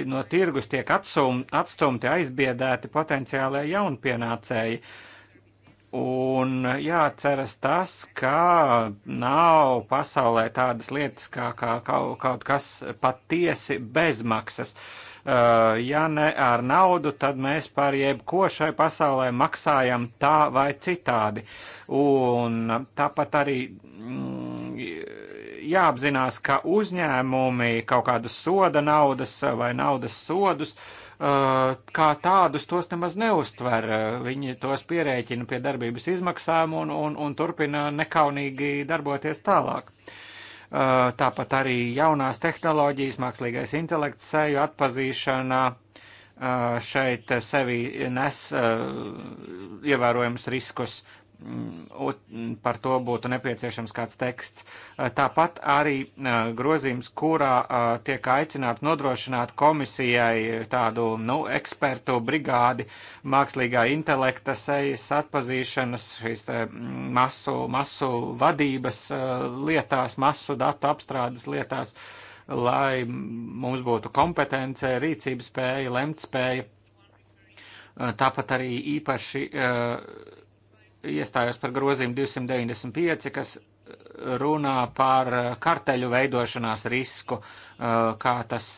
no tirgus tiek atsum, atstumti, aizbiedēti potenciālai jaunpienācēji Un jāceras tas, ka nav pasaulē tādas lietas kā, kā kaut, kaut kas patiesi bezmaksas. Uh, ja ne ar naudu, tad mēs par jebko šai pasaulē maksājam tā vai citādi. Un tāpat arī mm, jāapzinās, ka uzņēmumi kaut kādas soda naudas vai naudas sodus uh, Uh, kā tādus tos nemaz neustver. Uh, viņi tos pierēķina pie darbības izmaksām un, un, un turpina nekaunīgi darboties tālāk. Uh, tāpat arī jaunās tehnoloģijas, mākslīgais intelekts, seju atpazīšana šeit sevi nes ievērojamus riskus Mm, mm, par to būtu nepieciešams kāds teksts. Eh, tāpat arī eh, grozījums, kurā eh, tiek aicināt nodrošināt komisijai tādu nu, ekspertu brigādi mākslīgā intelekta sejas atpazīšanas, šīs mm, masu, masu vadības lietās, masu datu apstrādes lietās, lai mums būtu kompetence, rīcības spēja, lemt spēja. Tāpat arī īpaši uh, iestājos par grozījumu 295, kas eh, runā par eh, karteļu veidošanās risku, eh, kā tas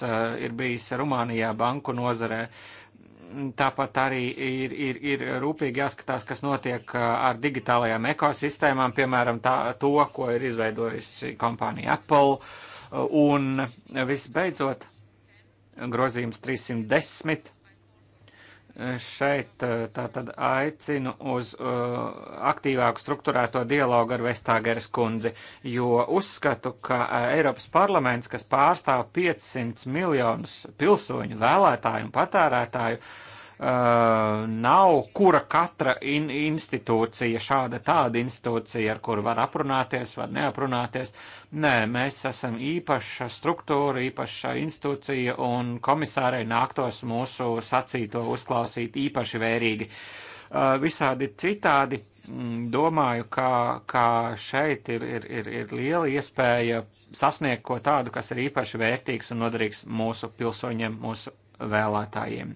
ir bijis Rumānijā banku nozarē. Tāpat arī ir, ir, ir rūpīgi jāskatās, kas notiek ar digitālajām ekosistēmām, piemēram, tā, to, ko ir izveidojusi kompānija Apple. Un visbeidzot, grozījums 310 šeit eh, tātad aicinu uz uh, aktīvāku struktūrēto dialogu ar Vestāgeres kundzi, jo uzskatu, ka eh, Eiropas parlaments, kas pārstāv 500 miljonus pilsoņu, vēlētāju un patērētāju, uh, Eh, nav kura katra in institūcija, šāda tāda institūcija, ar kuru var aprunāties, var neaprunāties. Nē, mēs esam īpaša struktūra, īpaša institūcija, un komisārai nāktos mūsu sacīto uzklausīt īpaši vērīgi. Eh, visādi citādi mm, domāju, ka, ka šeit ir, ir, ir, ir liela iespēja sasniegt ko tādu, kas ir īpaši vērtīgs un noderīgs mūsu pilsoņiem, mūsu vēlētājiem.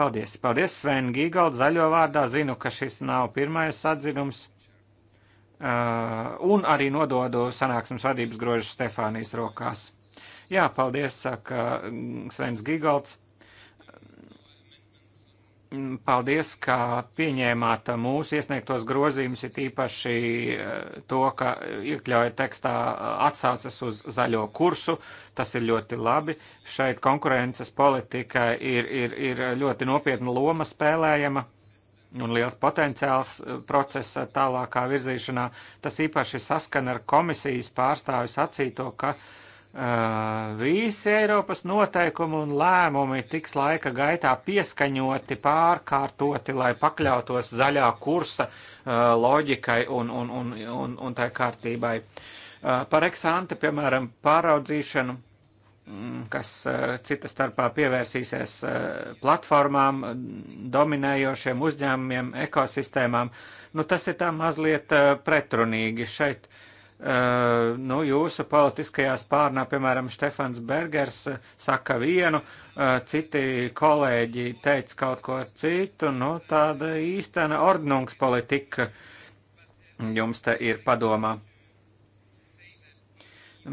Paldies! Paldies, Sven Gīgold, zaļo vārdā. Zinu, ka šis nav pirmais atzinums. Uh, un arī nododu sanāksmes vadības grožu Stefānijas rokās. Jā, paldies, saka mm, Svens Gigolds. Mm, paldies, ka pieņēmāt mūsu iesniegtos grozījumus, ir īpaši eh, to, ka iekļauja tekstā eh, atsaucas uz zaļo kursu. Tas ir ļoti labi. Šeit konkurences politika ir, ir, ir ļoti nopietna loma spēlējama un liels potenciāls eh, procesa tālākā virzīšanā. Tas īpaši saskana ar komisijas pārstāvis acīto, ka uh, Eh, visi Eiropas noteikumi un lēmumi tiks laika gaitā pieskaņoti, pārkārtoti, lai pakļautos zaļā kursa uh, loģikai un, un, un, un, un tai kārtībai. Uh, par eksāntu, piemēram, pāraudzīšanu, mm, kas uh, cita starpā pievērsīsies platformām, dominējošiem uzņēmumiem, ekosistēmām, nu tas ir tā mazliet pretrunīgi šeit. Uh, Uh, nu, jūsu politiskajā spārnā, piemēram, Stefans Bergers eh, saka vienu, uh, citi kolēģi teica kaut ko citu, nu, tāda īstena ordnungs politika jums te ir padomā.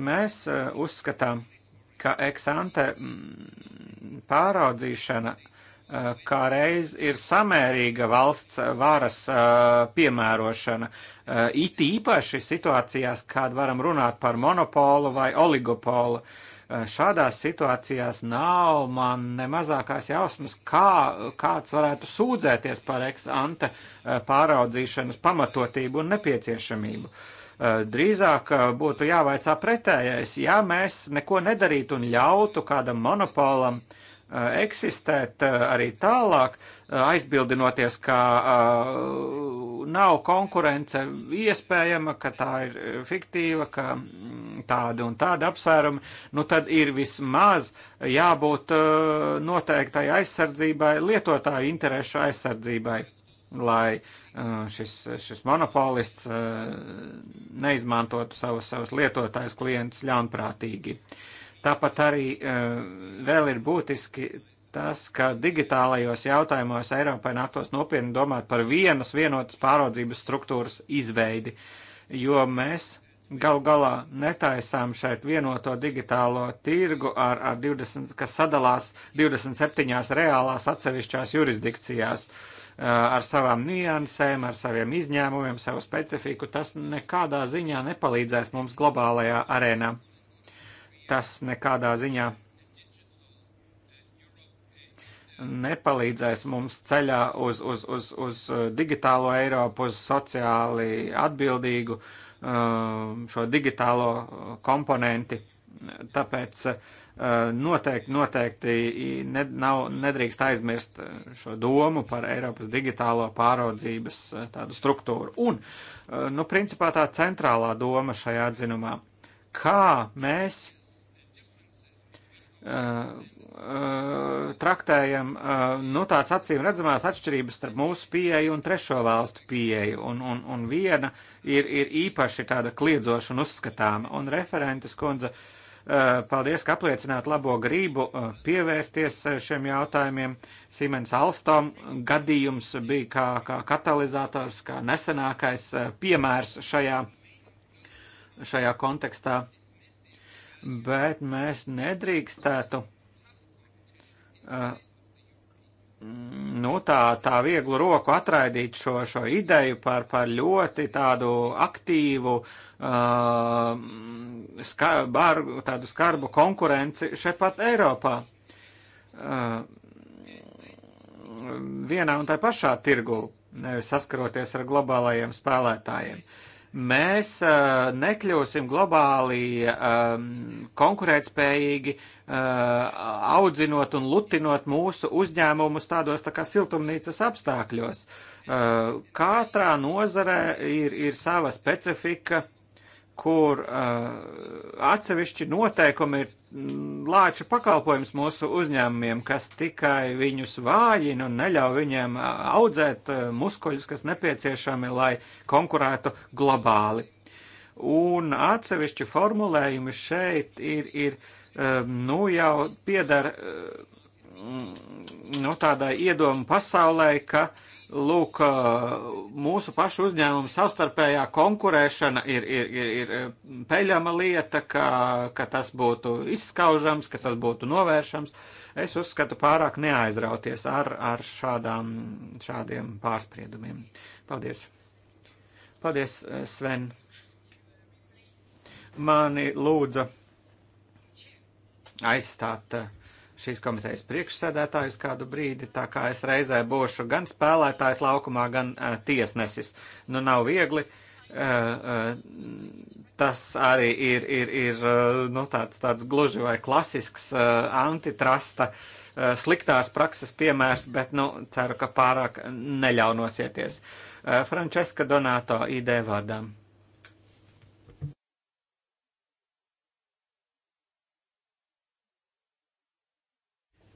Mēs uh, uzskatām, ka eksante mm, pāraudzīšana uh, Eh, kā reiz ir samērīga valsts eh, varas eh, piemērošana. It īpaši situācijās, kad varam runāt par monopolu vai oligopolu. Šādās situācijās nav man ne mazākās jausmas, kā kāds varētu sūdzēties par ex-ante pāraudzīšanas pamatotību un nepieciešamību. Drīzāk būtu jāvaicā pretējais, ja mēs neko nedarītu un ļautu kādam monopolam uh, Eh, eksistēt eh, arī tālāk, eh, aizbildinoties, ka nav konkurence iespējama, ka tā ir fiktīva, ka mm, tāda un tāda apsvērumi, nu tad ir vismaz jābūt noteiktai aizsardzībai, lietotāju interešu aizsardzībai, lai šis, šis monopolists neizmantotu savus, savus lietotājus klientus ļaunprātīgi. Uh, Tāpat arī e, vēl ir būtiski tas, ka digitālajos jautājumos Eiropai nāktos nopietni domāt par vienas vienotas pāraudzības struktūras izveidi, jo mēs gal galā netaisām šeit vienoto digitālo tirgu ar, ar 20, kas sadalās 27 reālās atsevišķās jurisdikcijās e, ar savām niansēm, ar saviem izņēmumiem, savu specifiku. Tas nekādā ziņā nepalīdzēs mums globālajā arēnā tas nekādā ziņā nepalīdzēs mums ceļā uz, uz, uz, uz uh, digitālo Eiropu, uz sociāli atbildīgu uh, šo digitālo uh, komponenti. Tāpēc noteikti, noteikti ne, nav, nedrīkst aizmirst šo domu par Eiropas digitālo pāraudzības tādu struktūru. Un, nu, principā tā centrālā doma šajā atzinumā, kā mēs Eh, eh, traktējam eh, nu, tās acīm redzamās atšķirības starp mūsu pieeju un trešo valstu pieeju, un, un, un viena ir, ir īpaši tāda kliedzoša un uzskatāma. Un referentes kundze, paldies, ka apliecināt labo grību pievērsties šiem jautājumiem. Siemens Alstom gadījums bija kā, kā katalizators, kā nesenākais piemērs šajā, šajā kontekstā bet mēs nedrīkstētu nu, tā, tā vieglu roku atraidīt šo, šo ideju par, par ļoti tādu aktīvu, uh, skar, bargu, tādu skarbu konkurenci šepat Eiropā. Uh, vienā un tā pašā tirgu, nevis saskaroties ar globālajiem spēlētājiem. Uh, mēs uh, nekļūsim globāli um, konkurētspējīgi, uh, audzinot un lutinot mūsu uzņēmumus tādos tā kā siltumnīcas apstākļos. Uh, katrā nozarē ir, ir sava specifika, kur atsevišķi noteikumi ir lāču pakalpojums mūsu uzņēmumiem, kas tikai viņus vājina un neļauj viņiem audzēt eh, muskuļus, kas nepieciešami, lai konkurētu globāli. Un atsevišķi formulējumi šeit ir, ir eh, nu jau piedara eh, mm, nu, tādai iedomu pasaulē, ka uh, Lūk, mūsu pašu uzņēmumu savstarpējā konkurēšana ir, ir, ir, ir peļama lieta, ka, ka tas būtu izskaužams, ka tas būtu novēršams. Es uzskatu pārāk neaizrauties ar, ar šādām, šādiem pārspriedumiem. Paldies! Paldies, Sven! Mani lūdza aizstāt uh, šīs komitejas priekšsēdētājus kādu brīdi, tā kā es reizē būšu gan spēlētājs laukumā, gan uh, tiesnesis. Nu, nav viegli. Uh, uh, tas arī ir, ir, ir uh, nu, tāds, tāds gluži vai klasisks uh, antitrasta uh, sliktās prakses piemērs, bet nu, ceru, ka pārāk neļaunosieties. Uh, Frančeska Donato ID vārdām.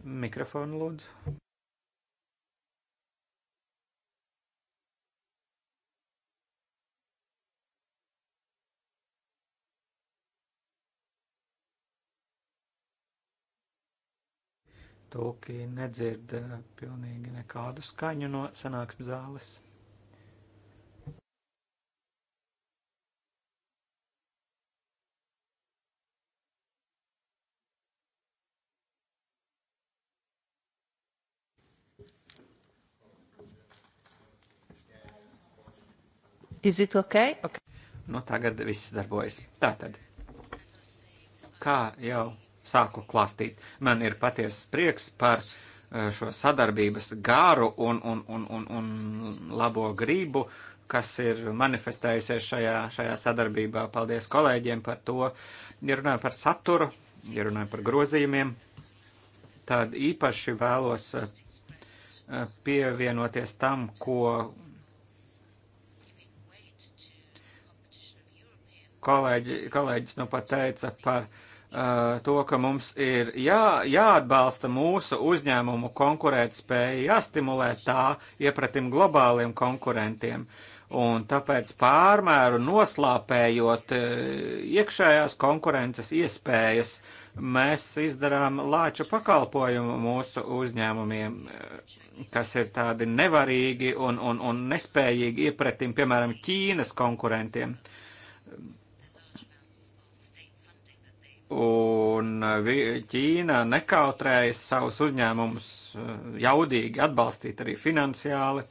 Mikrofonu lūdzu. Tulki nedzird eh, pilnīgi nekādu skaņu no sanāksmes zāles. Is it okay? okay. Nu, tagad viss darbojas. Tātad, kā jau sāku klāstīt, man ir patiesa prieks par eh, šo sadarbības gāru un, un, un, un, un labo grību, kas ir manifestējusies šajā, šajā sadarbībā. Paldies kolēģiem par to. Ja runājam par saturu, ja runājam par grozījumiem, tad īpaši vēlos eh, pievienoties tam, ko kolēģi, kolēģis nu pat teica par uh, to, ka mums ir jā, jāatbalsta mūsu uzņēmumu konkurētspēja, jāstimulē tā iepratim globāliem konkurentiem. Un tāpēc pārmēru noslāpējot uh, iekšējās konkurences iespējas, mēs izdarām lāču pakalpojumu mūsu uzņēmumiem, uh, kas ir tādi nevarīgi un, un, un nespējīgi iepretim, piemēram, Ķīnas konkurentiem Un uh, Ķīna nekautrējas savus uzņēmumus uh, jaudīgi atbalstīt arī finansiāli.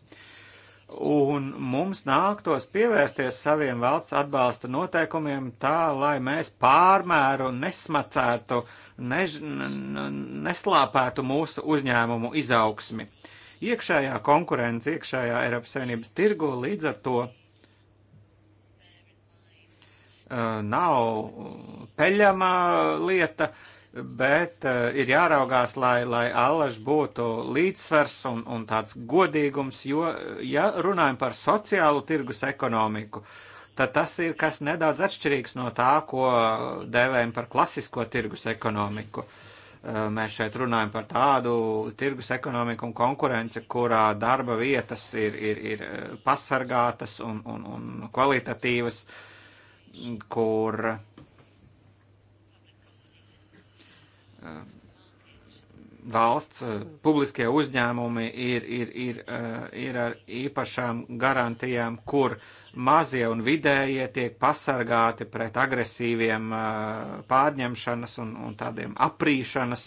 Un mums nāktos pievērsties saviem valsts atbalsta noteikumiem tā, lai mēs pārmēru nesmacētu, než, neslāpētu mūsu uzņēmumu izaugsmi. Iekšējā konkurence, iekšējā Eiropas Savienības tirgu līdz ar to Eh, nav peļama lieta, bet eh, ir jāraugās, lai, lai allaž būtu līdzsvers un, un tāds godīgums, jo, ja runājam par sociālu tirgus ekonomiku, tad tas ir kas nedaudz atšķirīgs no tā, ko dēvējam par klasisko tirgus ekonomiku. Eh, mēs šeit runājam par tādu tirgus ekonomiku un konkurenci, kurā darba vietas ir, ir, ir pasargātas un, un, un kvalitatīvas. Uh, kur uh, valsts uh, publiskie uzņēmumi ir, ir, ir, uh, ir ar īpašām garantijām, kur mazie un vidējie tiek pasargāti pret agresīviem pārņemšanas un, un tādiem aprīšanas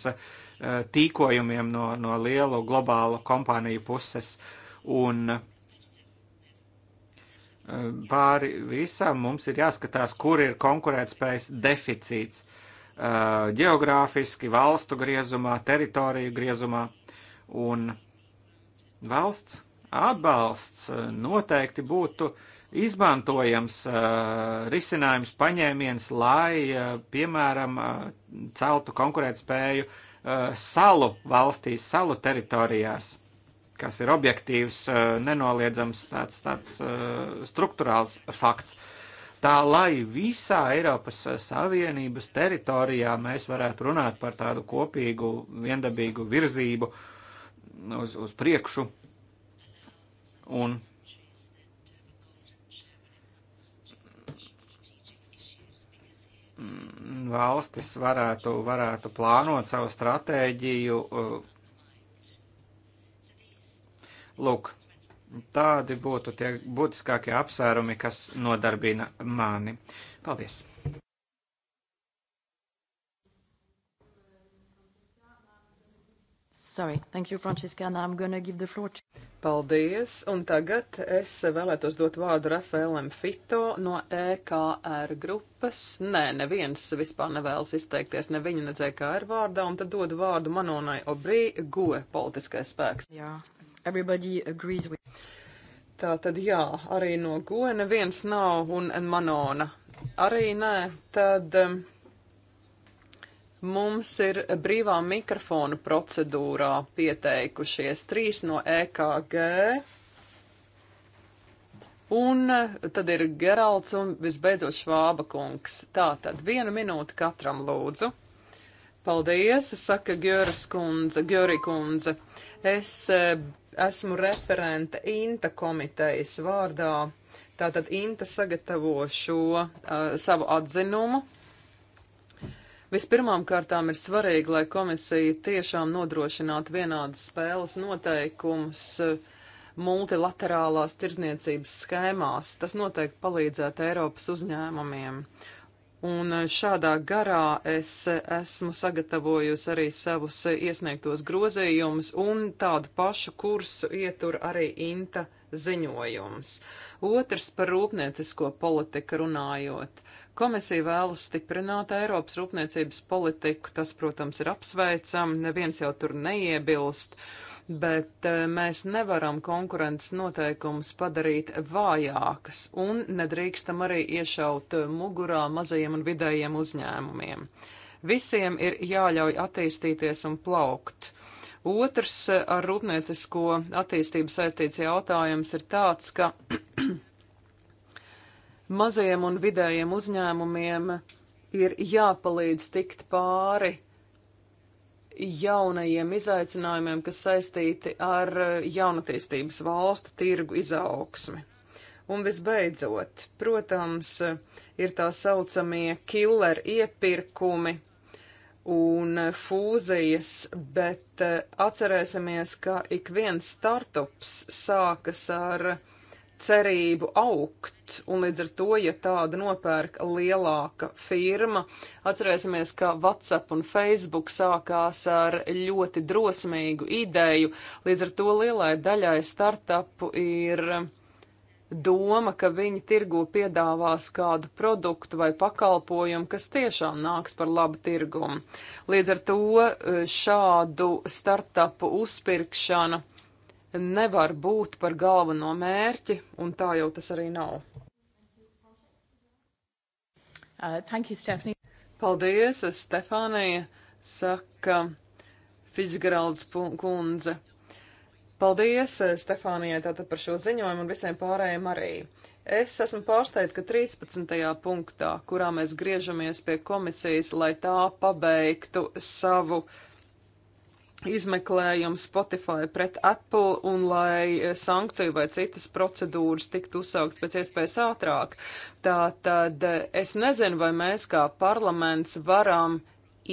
tīkojumiem no, no lielu globālu kompāniju puses. Un uh, Ehm, pāri visam mums ir jāskatās, kur ir konkurētspējas deficīts ehm, geogrāfiski, valstu griezumā, teritoriju griezumā. Un valsts atbalsts ehm, noteikti būtu izmantojams risinājums, paņēmiens, lai, piemēram, celtu konkurētspēju salu valstīs, salu teritorijās kas ir objektīvs, eh, nenoliedzams, tāds, tāds eh, struktūrāls fakts. Tā lai visā Eiropas Savienības teritorijā mēs varētu runāt par tādu kopīgu, viendabīgu virzību uz, uz priekšu. Un valstis varētu, varētu plānot savu stratēģiju eh, Lūk, tādi būtu tie būtiskākie apsvērumi, kas nodarbina mani. Paldies! Sorry, thank you, Francesca. Now I'm gonna give the floor to... Paldies, un tagad es vēlētos dot vārdu Rafaelam Fito no EKR grupas. Nē, neviens vispār nevēlas izteikties ne viņa, ne CKR vārdā, un tad dod vārdu Manonai Obrī, GOE politiskais spēks. Jā, Everybody agrees with. Tā tad jā, arī no goja neviens nav un manona. Arī nē, tad um, mums ir brīvā mikrofona procedūrā pieteikušies trīs no EKG. Un uh, tad ir Geralds un visbeidzot Švāba kungs. Tā tad viena minūte katram lūdzu. Paldies, saka Gjöras kundze, Gjörī kundze. Es uh, Esmu referente Inta komitejas vārdā. Tātad Inta sagatavo šo uh, savu atzinumu. Vispirmām kārtām ir svarīgi, lai komisija tiešām nodrošinātu vienādas spēles noteikumus uh, multilaterālās tirdzniecības skēmās. Tas noteikti palīdzētu Eiropas uzņēmumiem. Uh, Un eh, šādā garā es esmu sagatavojusi arī savus iesniegtos grozījumus, un tādu pašu kursu ietur arī Inta ziņojums. Otrs par rūpniecisko politiku runājot. Komisija vēlas stiprināt Eiropas rūpniecības politiku, tas, protams, ir apsveicam, neviens jau tur neiebilst. Uh, bet eh, mēs nevaram konkurences noteikumus padarīt vājākas un nedrīkstam arī iešaut eh, mugurā mazajiem un vidējiem uzņēmumiem. Visiem ir jāļauj attīstīties un plaukt. Otrs eh, ar rūpniecisko attīstību saistīts jautājums ir tāds, ka (clears throat) mazajiem un vidējiem uzņēmumiem ir jāpalīdz tikt pāri jaunajiem izaicinājumiem, kas saistīti ar eh, jaunatīstības valstu tirgu izaugsmi. Un visbeidzot, protams, ir tā saucamie killer iepirkumi un fūzijas, bet eh, atcerēsimies, ka ik viens startups sākas ar cerību augt, un līdz ar to, ja tāda nopērk lielāka firma, atcerēsimies, ka WhatsApp un Facebook sākās ar ļoti drosmīgu ideju, līdz ar to lielai daļai startupu ir doma, ka viņi tirgo piedāvās kādu produktu vai pakalpojumu, kas tiešām nāks par labu tirgumu. Līdz ar to eh, šādu startupu uzpirkšana nevar būt par galveno mērķi, un tā jau tas arī nav. Uh, thank you, Stephanie. Paldies, Stefānija, saka Fizgaralds kundze. Paldies, Stefānijai, tātad par šo ziņojumu un visiem pārējiem arī. Es esmu pārsteigta, ka 13. punktā, kurā mēs griežamies pie komisijas, lai tā pabeigtu savu uh, izmeklējumu Spotify pret Apple un lai eh, sankciju vai citas procedūras tiktu uzsaukt pēc iespējas ātrāk. Tā tad eh, es nezinu, vai mēs kā parlaments varam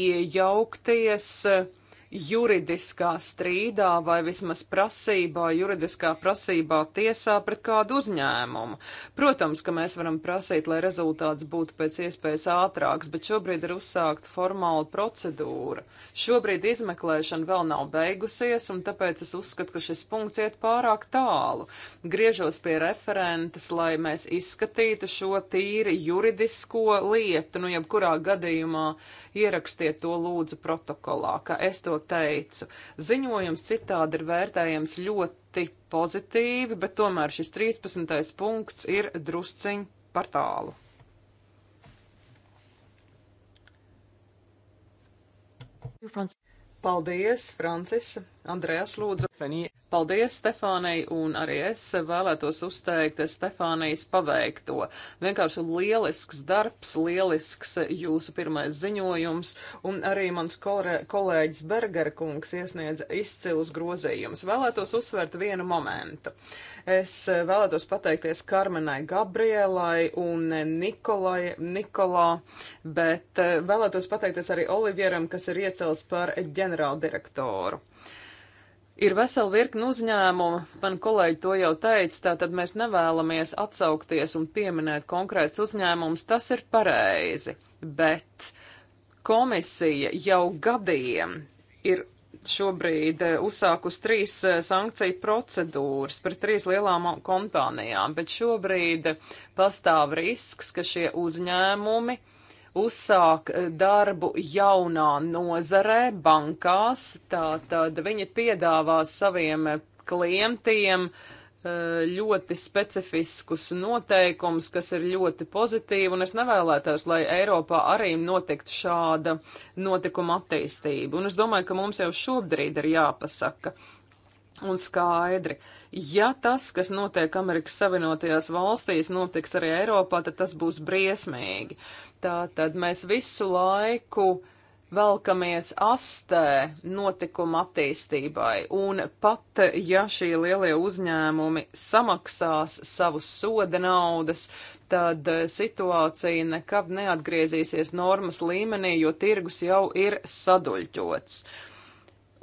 iejaukties uh, juridiskā strīdā vai vismaz prasībā, juridiskā prasībā tiesā pret kādu uzņēmumu. Protams, ka mēs varam prasīt, lai rezultāts būtu pēc iespējas ātrāks, bet šobrīd ir uzsākta formāla procedūra. Šobrīd izmeklēšana vēl nav beigusies, un tāpēc es uzskatu, ka šis punkts iet pārāk tālu. Griežos pie referentes, lai mēs izskatītu šo tīri juridisko lietu, nu jebkurā gadījumā ierakstiet to lūdzu protokolā, ka es to teicu. Ziņojums citādi ir vērtējams ļoti pozitīvi, bet tomēr šis 13. punkts ir drusciņ par tālu. Paldies, Francisa! Andrejas lūdzu. Paldies, Stefānei, un arī es vēlētos uzteikt Stefānijas paveikto. Vienkārši lielisks darbs, lielisks jūsu pirmais ziņojums, un arī mans kolēģis Bergerkungs iesniedz izcilus grozījumus. Vēlētos uzsvērt vienu momentu. Es vēlētos pateikties Karmenai Gabrielai un Nikolai, Nikolā, bet vēlētos pateikties arī Olivieram, kas ir iecels par ģenerāldirektoru. Ir vesela virkni uzņēmumu, man kolēģi to jau teica, tātad mēs nevēlamies atsaukties un pieminēt konkrēts uzņēmums, tas ir pareizi, bet komisija jau gadiem ir šobrīd eh, uzsākus trīs eh, sankciju procedūras par trīs lielām kompānijām, bet šobrīd eh, pastāv risks, ka šie uzņēmumi uzsāk eh, darbu jaunā nozarē, bankās, tātad viņi piedāvās saviem eh, klientiem eh, ļoti specifiskus noteikumus, kas ir ļoti pozitīvi, un es nevēlētos, lai Eiropā arī notiktu šāda notikuma attīstība. Un es domāju, ka mums jau šobrīd ir jāpasaka, un skaidri. Ja tas, kas notiek Amerikas Savienotajās valstīs, notiks arī Eiropā, tad tas būs briesmīgi. Tā tad mēs visu laiku velkamies astē notikuma attīstībai, un pat ja šie lielie uzņēmumi samaksās savus soda naudas, tad eh, situācija nekad neatgriezīsies normas līmenī, jo tirgus jau ir saduļķots. Uh,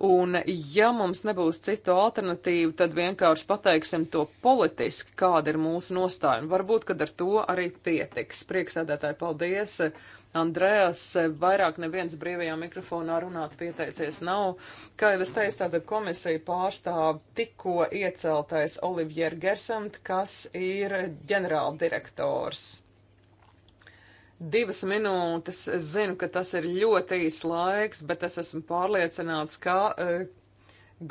Un, ja mums nebūs citu alternatīvu, tad vienkārši pateiksim to politiski, kāda ir mūsu nostāja. Varbūt, kad ar to arī pietiks. Prieksēdētāji, paldies! Andrējas vairāk neviens brīvajā mikrofonā runāt pieteicies nav. Kā jau es teicu, tātad komisija pārstāv tikko ieceltais Olivier Gersamt, kas ir ģenerāldirektors. direktors. Divas minūtes, es zinu, ka tas ir ļoti īs laiks, bet es esmu pārliecināts, ka uh,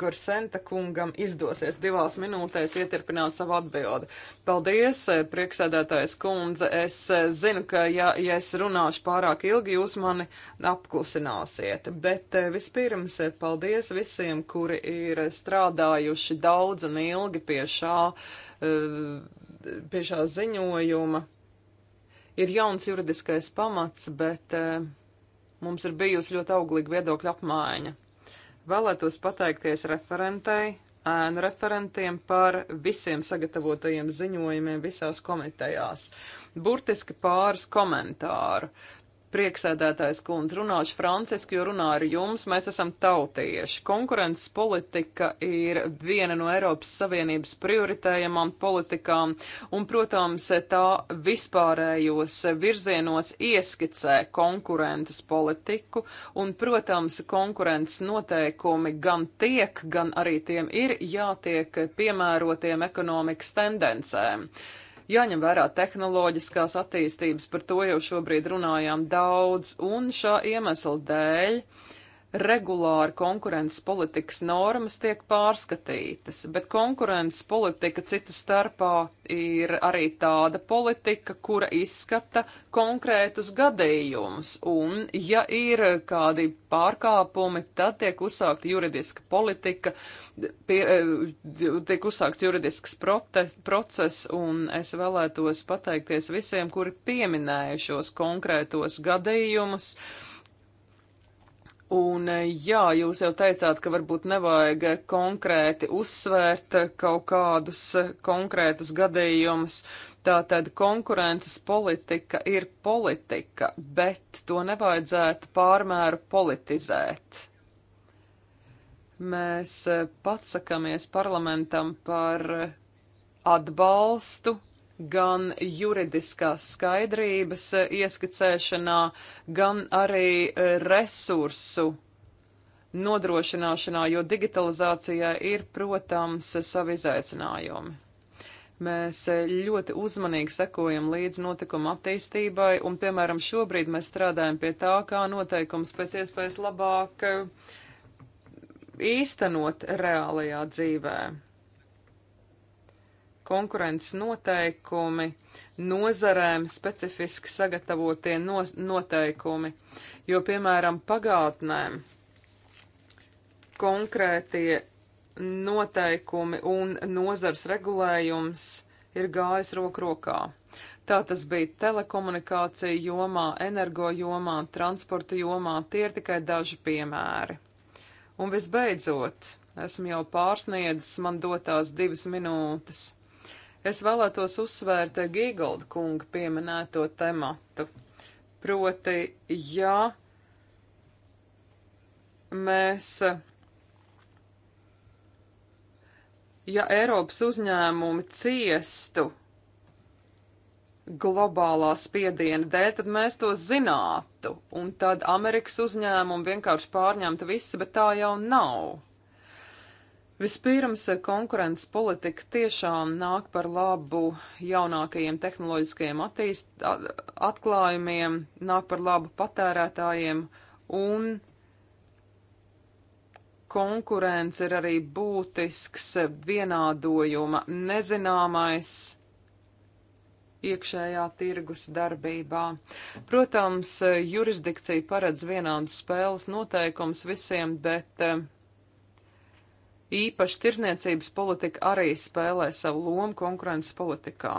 Gorsenta kungam izdosies divās minūtēs ietirpināt savu atbildi. Paldies, eh, prieksēdētājs kundze. Es eh, zinu, ka ja, ja es runāšu pārāk ilgi, jūs mani apklusināsiet. Bet vispirms paldies visiem, kuri ir strādājuši daudz un ilgi pie šā, pie šā ziņojuma ir jauns juridiskais pamats, bet eh, mums ir bijusi ļoti auglīga viedokļa apmaiņa. Vēlētos pateikties referentei, ēnu referentiem par visiem sagatavotajiem ziņojumiem visās komitejās. Burtiski pāris komentāru. Prieksēdētājs kundze, runāšu franciski, jo runā ar jums, mēs esam tautieši. Konkurences politika ir viena no Eiropas Savienības prioritējamām politikām, un, protams, tā vispārējos virzienos ieskicē konkurences politiku, un, protams, konkurences noteikumi gan tiek, gan arī tiem ir jātiek piemērotiem ekonomikas tendencēm. Jāņem vērā tehnoloģiskās attīstības, par to jau šobrīd runājām daudz, un šā iemesla dēļ uh, regulāri konkurences politikas normas tiek pārskatītas, bet konkurences politika citu starpā ir arī tāda politika, kura izskata konkrētus gadījumus, un ja ir kādi pārkāpumi, tad tiek uzsākta juridiska politika, pie, eh, tiek uzsākts juridisks process, un es vēlētos pateikties visiem, kuri pieminēja šos konkrētos gadījumus. Uh, Un eh, jā, jūs jau teicāt, ka varbūt nevajag konkrēti uzsvērt kaut kādus konkrētus gadījumus. Tātad konkurences politika ir politika, bet to nevajadzētu pārmēru politizēt. Mēs eh, patsakamies parlamentam par eh, atbalstu gan juridiskās skaidrības ieskicēšanā, gan arī e, resursu nodrošināšanā, jo digitalizācijai ir, protams, savi izaicinājumi. Mēs e, ļoti uzmanīgi sekojam līdz notikuma attīstībai, un, piemēram, šobrīd mēs strādājam pie tā, kā noteikums pēc iespējas labāk e, īstenot reālajā dzīvē konkurences noteikumi, nozarēm specifiski sagatavotie no, noteikumi, jo, piemēram, pagātnēm konkrētie noteikumi un nozars regulējums ir gājis roku rokā. Tā tas bija telekomunikācija jomā, energo jomā, transporta jomā, tie ir tikai daži piemēri. Un visbeidzot, esmu jau pārsniedzis man dotās divas minūtes. Es vēlētos uzsvērt Gīgolda kunga pieminēto tematu. Proti, ja mēs, ja Eiropas uzņēmumi ciestu globālā spiediena dēļ, tad mēs to zinātu, un tad Amerikas uzņēmumi vienkārši pārņemtu visu, bet tā jau nav. Vispirms eh, konkurences politika tiešām nāk par labu jaunākajiem tehnoloģiskajiem attīst, atklājumiem, nāk par labu patērētājiem un konkurence ir arī būtisks vienādojuma nezināmais iekšējā tirgus darbībā. Protams, eh, jurisdikcija paredz vienādu spēles noteikums visiem, bet eh, īpaši tirniecības politika arī spēlē savu lomu konkurences politikā.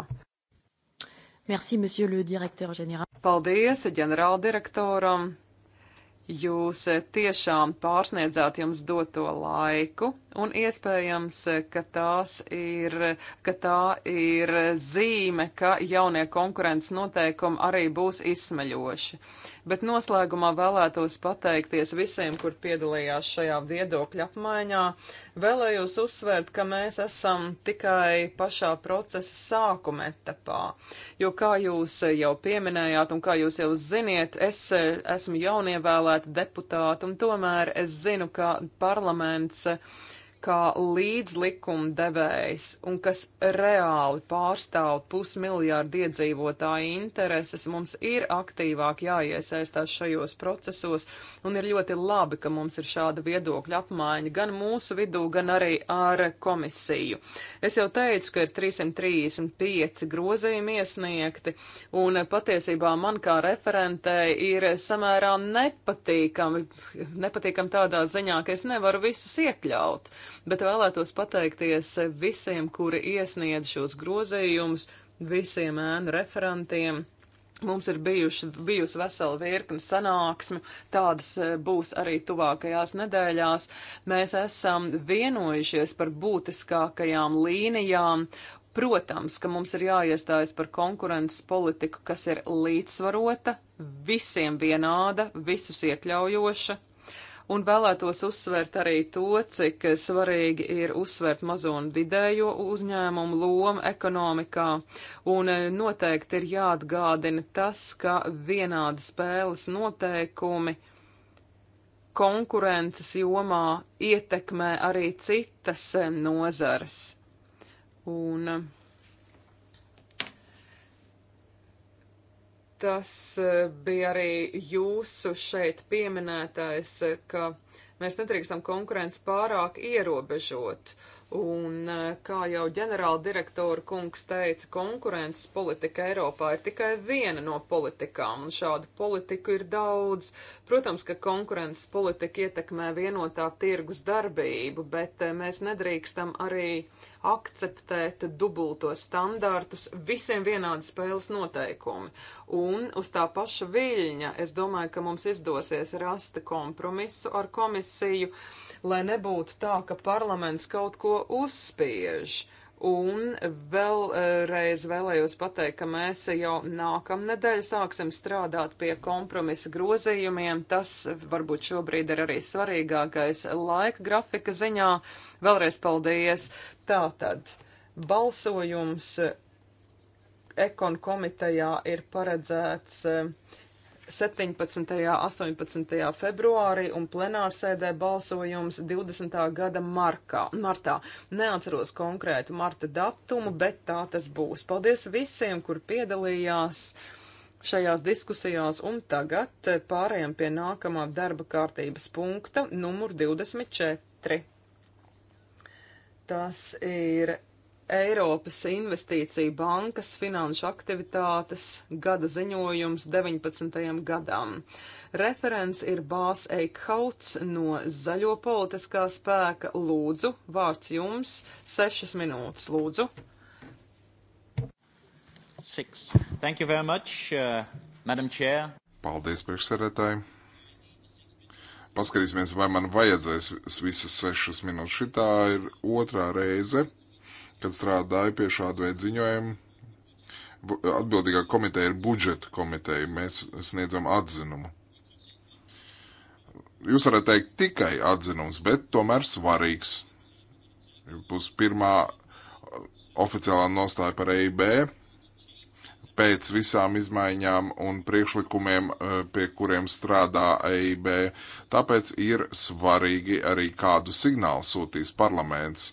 Merci, monsieur le directeur général. Paldies ģenerāldirektoram. Jūs eh, tiešām pārsniedzāt jums doto laiku un iespējams, ka, ir, ka tā ir zīme, ka jaunie konkurences noteikumi arī būs izsmeļoši. Bet noslēgumā vēlētos pateikties visiem, kur piedalījās šajā viedokļa apmaiņā. Vēlējos uzsvērt, ka mēs esam tikai pašā procesa sākuma etapā, jo kā jūs jau pieminējāt un kā jūs jau ziniet, es esmu jaunievēlēta deputāta un tomēr es zinu, ka parlaments kā līdzlikumdevējs un kas reāli pārstāv pusmiljārdu iedzīvotāju intereses, mums ir aktīvāk jāiesaistās šajos procesos, un ir ļoti labi, ka mums ir šāda viedokļa apmaiņa gan mūsu vidū, gan arī ar komisiju. Es jau teicu, ka ir 335 grozījumi iesniegti, un patiesībā man kā referentei ir samērā nepatīkami, nepatīkami tādā ziņā, ka es nevaru visus iekļaut bet vēlētos pateikties visiem, kuri iesniedz šos grozījumus, visiem ēnu referentiem. Mums ir bijuši, bijusi vesela virkne sanāksmi, tādas e, būs arī tuvākajās nedēļās. Mēs esam vienojušies par būtiskākajām līnijām Protams, ka mums ir jāiestājas par konkurences politiku, kas ir līdzsvarota, visiem vienāda, visus iekļaujoša, un vēlētos uzsvērt arī to, cik svarīgi ir uzsvērt mazo un vidējo uzņēmumu lomu ekonomikā, un eh, noteikti ir jāatgādina tas, ka vienādi spēles noteikumi konkurences jomā ietekmē arī citas eh, nozares. Un, uh, tas eh, bija arī jūsu šeit pieminētais, eh, ka mēs nedrīkstam konkurenci pārāk ierobežot. Un eh, kā jau ģenerāla direktora kungs teica, konkurences politika Eiropā ir tikai viena no politikām, un šādu politiku ir daudz. Protams, ka konkurences politika ietekmē vienotā tirgus darbību, bet mēs nedrīkstam arī uh, akceptēt dubulto standārtus, visiem vienādi spēles noteikumi. Un uz tā paša viļņa es domāju, ka mums izdosies rasta kompromisu ar komisiju, lai nebūtu tā, ka parlaments kaut ko uzspiež. Uh, Un vēlreiz vēlējos pateikt, ka mēs jau nākamnedēļ sāksim strādāt pie kompromisa grozījumiem. Tas varbūt šobrīd ir arī svarīgākais laika grafika ziņā. Vēlreiz paldies. Tātad balsojums ekon komitejā ir paredzēts. Uh, 17. un 18. februārī un plenārsēdē balsojums 20. gada markā, martā. Neatceros konkrētu marta datumu, bet tā tas būs. Paldies visiem, kur piedalījās šajās diskusijās, un tagad pārējām pie nākamā darba kārtības punkta, numur 24. Tas ir Eiropas Investīcija bankas finanšu aktivitātes gada ziņojums 19. gadam. Referents ir Bās Eikhauts no Zaļo politiskā spēka. Lūdzu, vārds jums - sešas minūtes, lūdzu. Six. Thank you very much, uh, Madam Chair. Paldies, priekšsēdētāji. Paskatīsimies, vai man vajadzēs visas sešas minūtes. Šitā ir otrā reize, kad strādāju pie šāda veida ziņojuma, atbildīgā komiteja ir budžeta komiteja. Mēs sniedzam atzinumu. Jūs varat teikt tikai atzinums, bet tomēr svarīgs. Būs pirmā uh, oficiālā nostāja par EIB pēc visām izmaiņām un priekšlikumiem, uh, pie kuriem strādā EIB. Tāpēc ir svarīgi arī kādu signālu sūtīs parlaments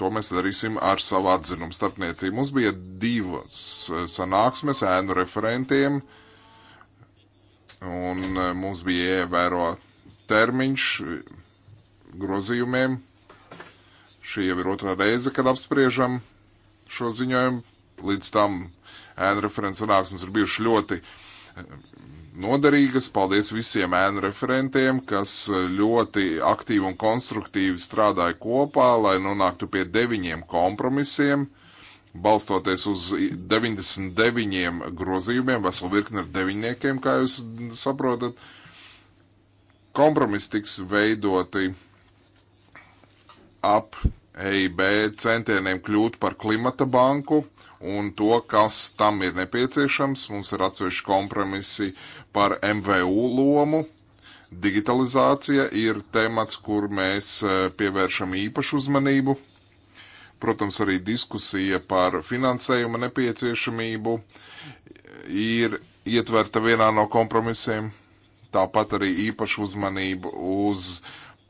To mēs darīsim ar savu atzinumu starpniecību. Mums bija divas eh, sanāksmes ēnu referentiem, un eh, mums bija jāievēro termiņš grozījumiem. Šī jau ir otrā reize, kad apspriežam šo ziņojumu. Līdz tam ēnu referents sanāksmes ir bijušas ļoti uh, noderīgas. Paldies visiem ēnu referentiem, kas ļoti aktīvi un konstruktīvi strādāja kopā, lai nonāktu pie deviņiem kompromisiem, balstoties uz 99 grozījumiem, veselu virkni ar deviņniekiem, kā jūs saprotat. Kompromiss tiks veidoti ap EIB centieniem kļūt par klimata banku un to, kas tam ir nepieciešams. Mums ir atsevišķi kompromisi par MVU lomu. Digitalizācija ir temats, kur mēs e, pievēršam īpašu uzmanību. Protams, arī diskusija par finansējuma nepieciešamību ir ietverta vienā no kompromisiem. Tāpat arī īpašu uzmanību uz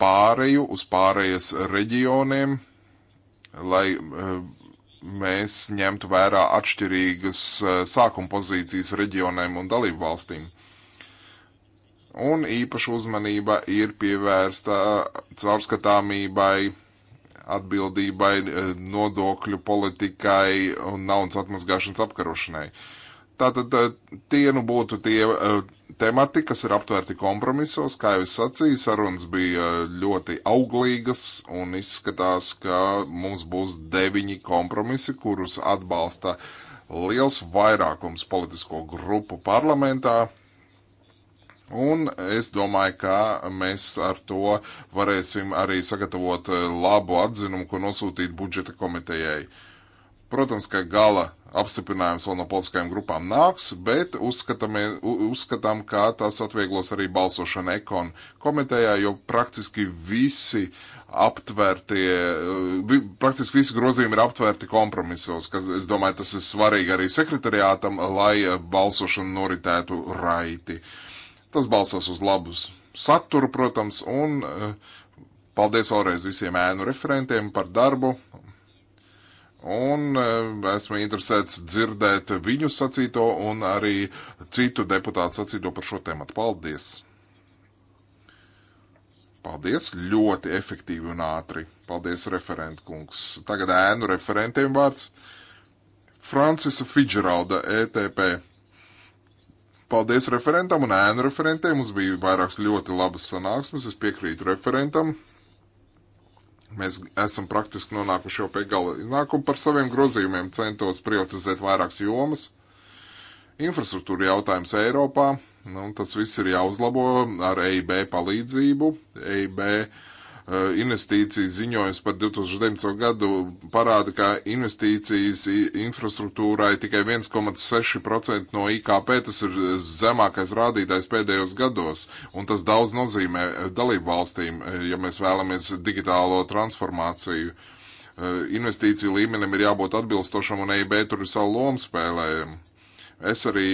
pāreju, uz pārējas reģioniem, lai e, mēs ņemtu vērā atšķirīgas eh, sākuma pozīcijas reģioniem un dalību valstīm. Un īpaša uzmanība ir pievērsta eh, caurskatāmībai, atbildībai, eh, nodokļu politikai un naudas atmazgāšanas apkarošanai. Uh, Tātad eh, tie nu būtu tie uh, temati, kas ir aptverti kompromisos. Kā jau es sacīju, sarunas bija eh, ļoti auglīgas un izskatās, ka mums būs deviņi kompromisi, kurus atbalsta liels vairākums politisko grupu parlamentā. Un es domāju, ka mēs ar to varēsim arī sagatavot labu atzinumu, ko nosūtīt budžeta komitejai. Protams, ka gala apstiprinājums vēl no politiskajām grupām nāks, bet uzskatām, ka tas atvieglos arī balsošanu ekon komitejā, jo praktiski visi aptvērtie, uh, vi, praktiski visi grozījumi ir aptvērti kompromisos, kas, es domāju, tas ir svarīgi arī sekretariātam, lai uh, balsošana noritētu raiti. Tas balsās uz labus saturu, protams, un uh, paldies vēlreiz visiem ēnu referentiem par darbu un e, esmu interesēts dzirdēt viņu sacīto un arī citu deputātu sacīto par šo tēmu. Paldies! Paldies! Ļoti efektīvi un ātri. Paldies, referent kungs. Tagad ēnu referentiem vārds. Francisa Fidžeralda, ETP. Paldies referentam un ēnu referentiem. Mums bija vairākas ļoti labas sanāksmes. Es piekrītu referentam. Mēs esam praktiski nonākuši jau pie gala. Nākumu par saviem grozījumiem centos prioritizēt vairākas jomas. Infrastruktūra jautājums Eiropā. Nu, tas viss ir jāuzlabo ar EIB palīdzību. EIB uh, Eh, investīciju ziņojums par 2019. gadu parāda, ka investīcijas infrastruktūrai tikai 1,6% no IKP, tas ir zemākais rādītājs pēdējos gados, un tas daudz nozīmē eh, dalību valstīm, eh, ja mēs vēlamies digitālo transformāciju. Investīciju līmenim ir jābūt atbilstošam, un EIB tur ir savu lomu spēlējumu. Es arī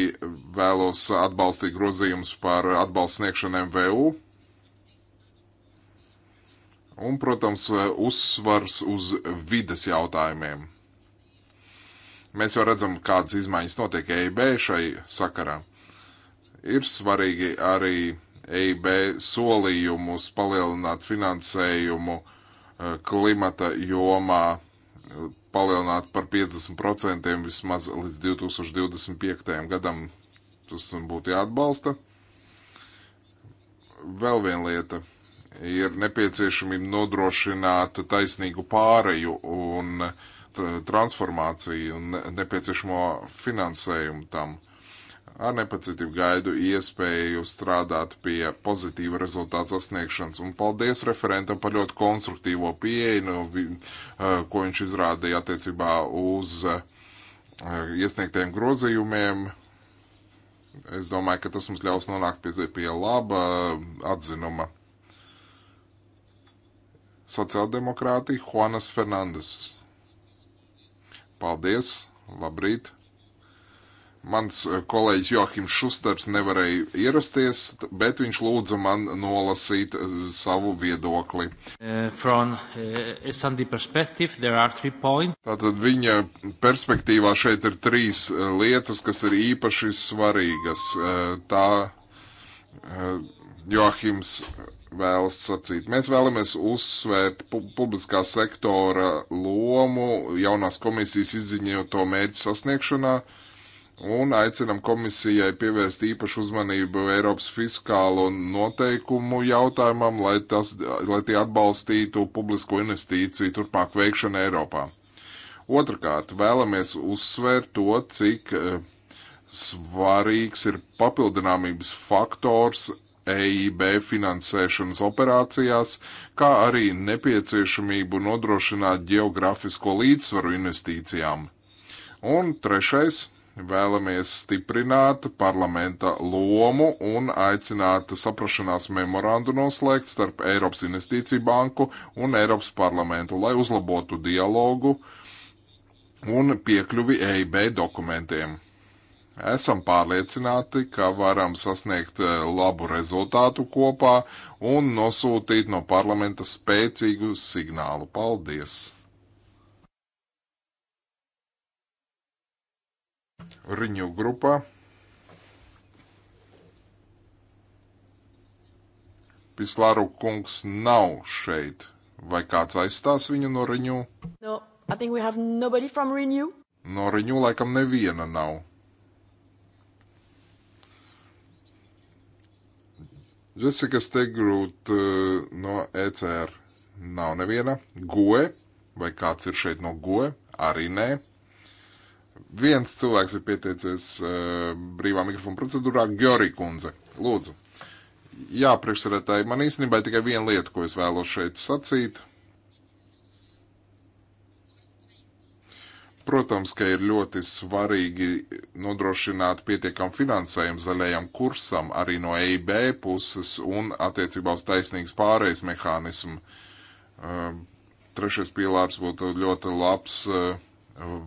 vēlos atbalstīt grozījumus par atbalstu sniegšanu MVU. Un, protams, uzsvars uz vides jautājumiem. Mēs jau redzam, kādas izmaiņas notiek EIB šai sakarā. Ir svarīgi arī EIB solījumus palielināt finansējumu eh, klimata jomā, eh, palielināt par 50% vismaz līdz 2025. gadam. Tas būtu jāatbalsta. Vēl viena lieta ir nepieciešamība nodrošināt taisnīgu pāreju un transformāciju un nepieciešamo finansējumu tam. Ar nepacietību gaidu iespēju strādāt pie pozitīva rezultāta sasniegšanas un paldies referentam par ļoti konstruktīvo pieeju, no nu, vi, ko viņš izrādīja attiecībā uz iesniegtiem grozījumiem. Es domāju, ka tas mums ļaus nonākt pie, pie laba atzinuma sociāldemokrāti Juanas Fernandes. Paldies, labrīt! Mans eh, kolēģis Johims Šusters nevarēja ierasties, bet viņš lūdza man nolasīt eh, savu viedokli. Uh, from, uh, Tātad viņa perspektīvā šeit ir trīs eh, lietas, kas ir īpaši svarīgas. Tā Johims vēlas sacīt. Mēs vēlamies uzsvērt pu publiskā sektora lomu jaunās komisijas izziņoto mērķu sasniegšanā un aicinam komisijai pievērst īpašu uzmanību Eiropas fiskālo noteikumu jautājumam, lai, tas, lai tie atbalstītu publisko investīciju turpmāk veikšanu Eiropā. Otrakārt, vēlamies uzsvērt to, cik uh, svarīgs ir papildināmības faktors EIB finansēšanas operācijās, kā arī nepieciešamību nodrošināt geogrāfisko līdzsvaru investīcijām. Un trešais - vēlamies stiprināt parlamenta lomu un aicināt saprašanās memorandu noslēgt starp Eiropas Investīciju banku un Eiropas parlamentu, lai uzlabotu dialogu un piekļuvi EIB dokumentiem. Esam pārliecināti, ka varam sasniegt eh, labu rezultātu kopā un nosūtīt no parlamenta spēcīgu signālu. Paldies! Riņu grupā. Pislāru kungs nav šeit. Vai kāds aizstās viņu no Riņu? No, I think we have nobody from Riņu. No Riņu laikam neviena nav. Jessica Stegrūt eh, no ECR nav neviena. Goe, vai kāds ir šeit no goe? Arī nē. Viens cilvēks ir pieteicies uh, brīvā mikrofona procedūrā - Gjorī kundze. Lūdzu. Jā, priekšsarētāji, man īstenībā tikai viena lieta, ko es vēlos šeit sacīt. Protams, ka ir ļoti svarīgi nodrošināt pietiekam finansējumu zaļajam kursam arī no EIB puses un attiecībā uz taisnīgas pārējais mehānismu. Ehm, trešais pīlārs būtu ļoti labs ehm,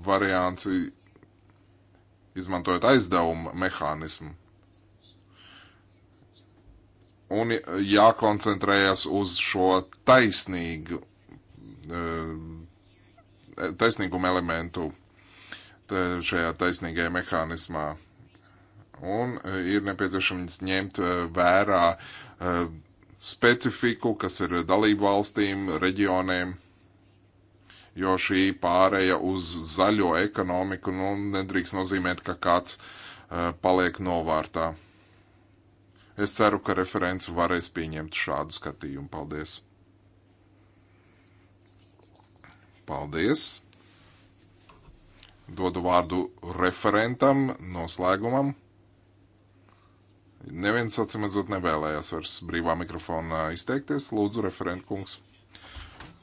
variants, izmantojot aizdevumu mehānismu. Un jākoncentrējas uz šo taisnīgu ehm, taisnīguma elementu šajā taisnīgajā mehānismā. Un eh, ir nepieciešams ņemt eh, vērā eh, specifiku, kas ir dalību valstīm, reģioniem, jo šī pāreja uz zaļo ekonomiku nu, nedrīkst nozīmēt, ka kāds paliek novārtā. Es ceru, ka referents varēs pieņemt šādu skatījumu. Paldies! Paldies! Dodu vārdu referentam noslēgumam. Neviens atsimedzot nevēlējās vairs brīvā mikrofonā izteikties. Lūdzu, referentkungs.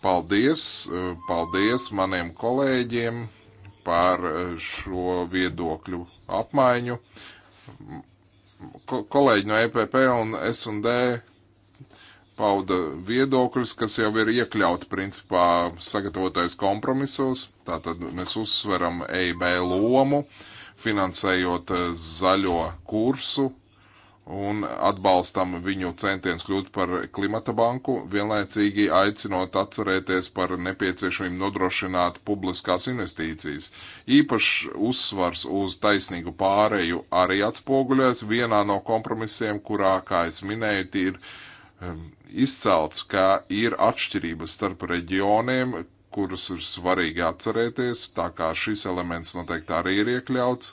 Paldies, paldies maniem kolēģiem par šo viedokļu apmaiņu. Ko, kolēģi no EPP un S&D pauda viedokļus, kas jau ir iekļauti principā sagatavotais kompromisos. Tātad mēs uzsveram EIB lomu, finansējot eh, zaļo kursu un atbalstam viņu centienus kļūt par klimata banku, vienlaicīgi aicinot atcerēties par nepieciešamību nodrošināt publiskās investīcijas. Īpašs uzsvars uz taisnīgu pāreju arī atspoguļojas vienā no kompromisiem, kurā, kā es minēju, ir um, izcelts, ka ir atšķirības starp reģioniem, kurus ir svarīgi atcerēties, tā kā šis elements noteikti arī ir iekļauts.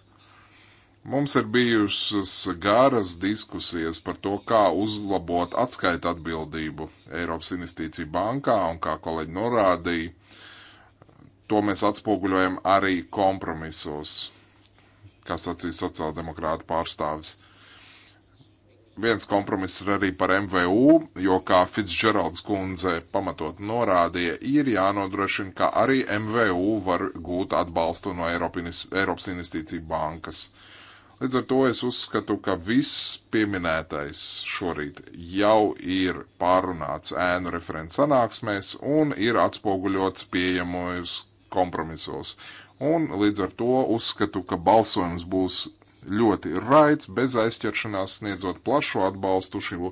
Mums ir bijušas garas diskusijas par to, kā uzlabot atskaita atbildību Eiropas Investīcija bankā, un kā kolēģi norādīja, to mēs atspoguļojam arī kompromisos, kas acīs sociāldemokrāta pārstāvis. Viens kompromiss ir arī par MVU, jo, kā Fitzgeralds kundze pamatot norādīja, ir jānodrošina, ka arī MVU var gūt atbalstu no Eiropas Investīciju bankas. Līdz ar to es uzskatu, ka viss pieminētais šorīt jau ir pārunāts ēnu referents sanāksmēs un ir atspoguļots pieejamojus kompromisos. Un līdz ar to uzskatu, ka balsojums būs ļoti raids, bez aizķeršanās sniedzot plašu atbalstu šim,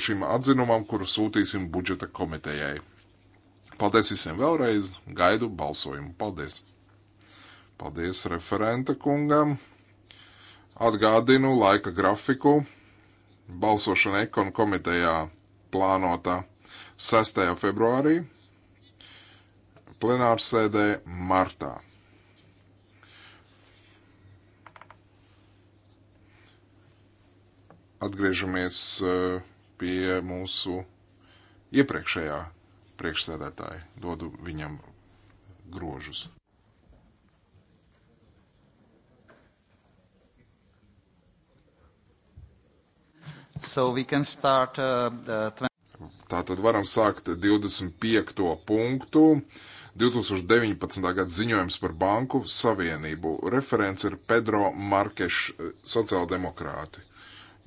šim atzinumam, kuru sūtīsim budžeta komitejai. Paldies visiem vēlreiz, gaidu balsojumu. Paldies! Paldies referenta kungam! Atgādinu laika grafiku. Balsošana ekon komitejā plānota 6. februārī, plenārsēdē martā. atgriežamies eh, pie mūsu iepriekšējā priekšsēdētāja. Dodu viņam grožus. So we can start uh, the 20... Tātad varam sākt 25. punktu. 2019. gada ziņojums par Banku Savienību. Referents ir Pedro Markeš, eh, sociāldemokrāti.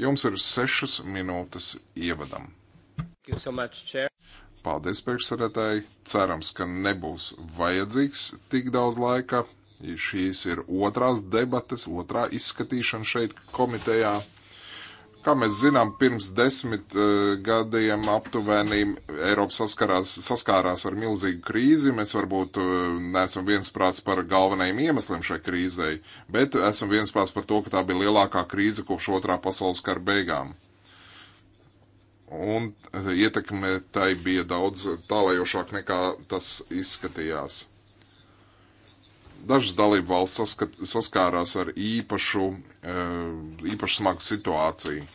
Jums ir sešas minūtes ievadam. So much, chair. Paldies, priekšsarētāji. Cerams, ka nebūs vajadzīgs tik daudz laika. Šīs ir otrās debates, otrā izskatīšana šeit komitejā. Kā mēs zinām, pirms desmit uh, gadiem aptuveni Eiropa saskarās, saskārās ar milzīgu krīzi. Mēs varbūt uh, neesam viensprāts par galvenajiem iemesliem šai krīzei, bet esam viensprāts par to, ka tā bija lielākā krīze kopš otrā pasaules kara beigām. Un uh, ietekme tai bija daudz tālajošāk nekā tas izskatījās. Dažas dalību valsts saskārās ar īpašu, eh, īpašu smagu situāciju.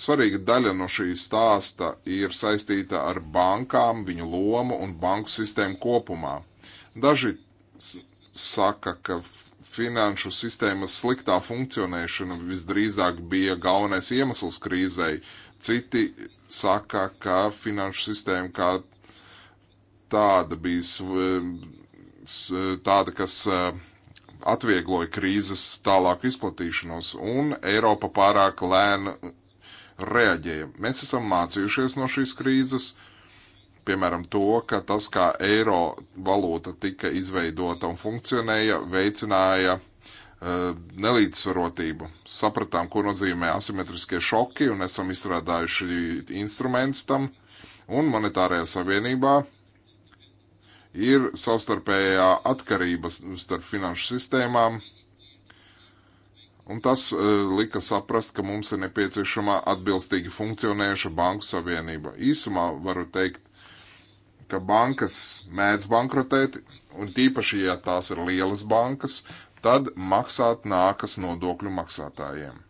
Svarīga daļa no šī stāsta ir saistīta ar bankām, viņu lomu un banku sistēmu kopumā. Daži saka, ka finanšu sistēmas sliktā funkcionēšana visdrīzāk bija galvenais iemesls krīzei. Citi saka, ka finanšu sistēma kā tāda bija tāda, kas atviegloja krīzes tālāku izplatīšanos, un Eiropa pārāk lēni reaģēja. Mēs esam mācījušies no šīs krīzes, piemēram, to, ka tas, kā eiro valūta tika izveidota un funkcionēja, veicināja nelīdzsvarotību. Sapratām, ko nozīmē asimetriskie šoki, un esam izstrādājuši instrumentus tam. Un monetārajā savienībā ir savstarpējā atkarība starp finanšu sistēmām, un tas uh, lika saprast, ka mums ir nepieciešama atbilstīgi funkcionējuša banku savienība. Īsumā varu teikt, ka bankas mēdz bankrotēt, un tīpaši, ja tās ir lielas bankas, tad maksāt nākas nodokļu maksātājiem.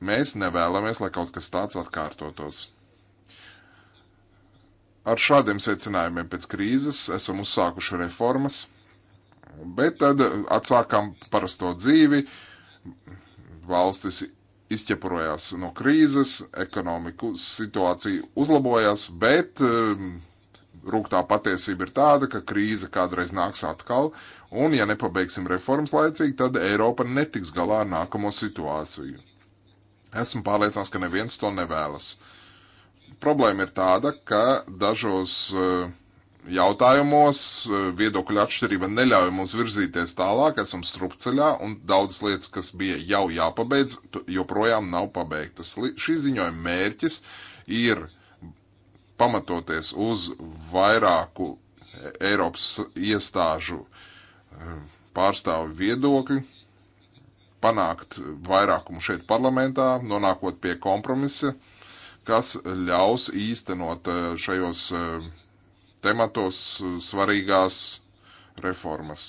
Mēs nevēlamies, lai kaut kas tāds atkārtotos. Ar šādiem secinājumiem pēc krīzes esam uzsākuši reformas, bet tad atsākām parasto dzīvi, valstis izķepurojās no krīzes, ekonomiku situācija uzlabojās, bet um, rūktā patiesība ir tāda, ka krīze kādreiz nāks atkal, un ja nepabeigsim reformas laicīgi, tad Eiropa netiks galā ar nākamo situāciju. Esmu pārliecināts, ka neviens to nevēlas problēma ir tāda, ka dažos eh, jautājumos eh, viedokļu atšķirība neļauj mums virzīties tālāk, esam strupceļā un daudz lietas, kas bija jau jāpabeidz, joprojām nav pabeigtas. Šī ziņojuma mērķis ir pamatoties uz vairāku e, Eiropas iestāžu eh, pārstāvu viedokļu, panākt vairākumu šeit parlamentā, nonākot pie kompromisa, uh, kas ļaus īstenot eh, šajos eh, tematos eh, svarīgās reformas.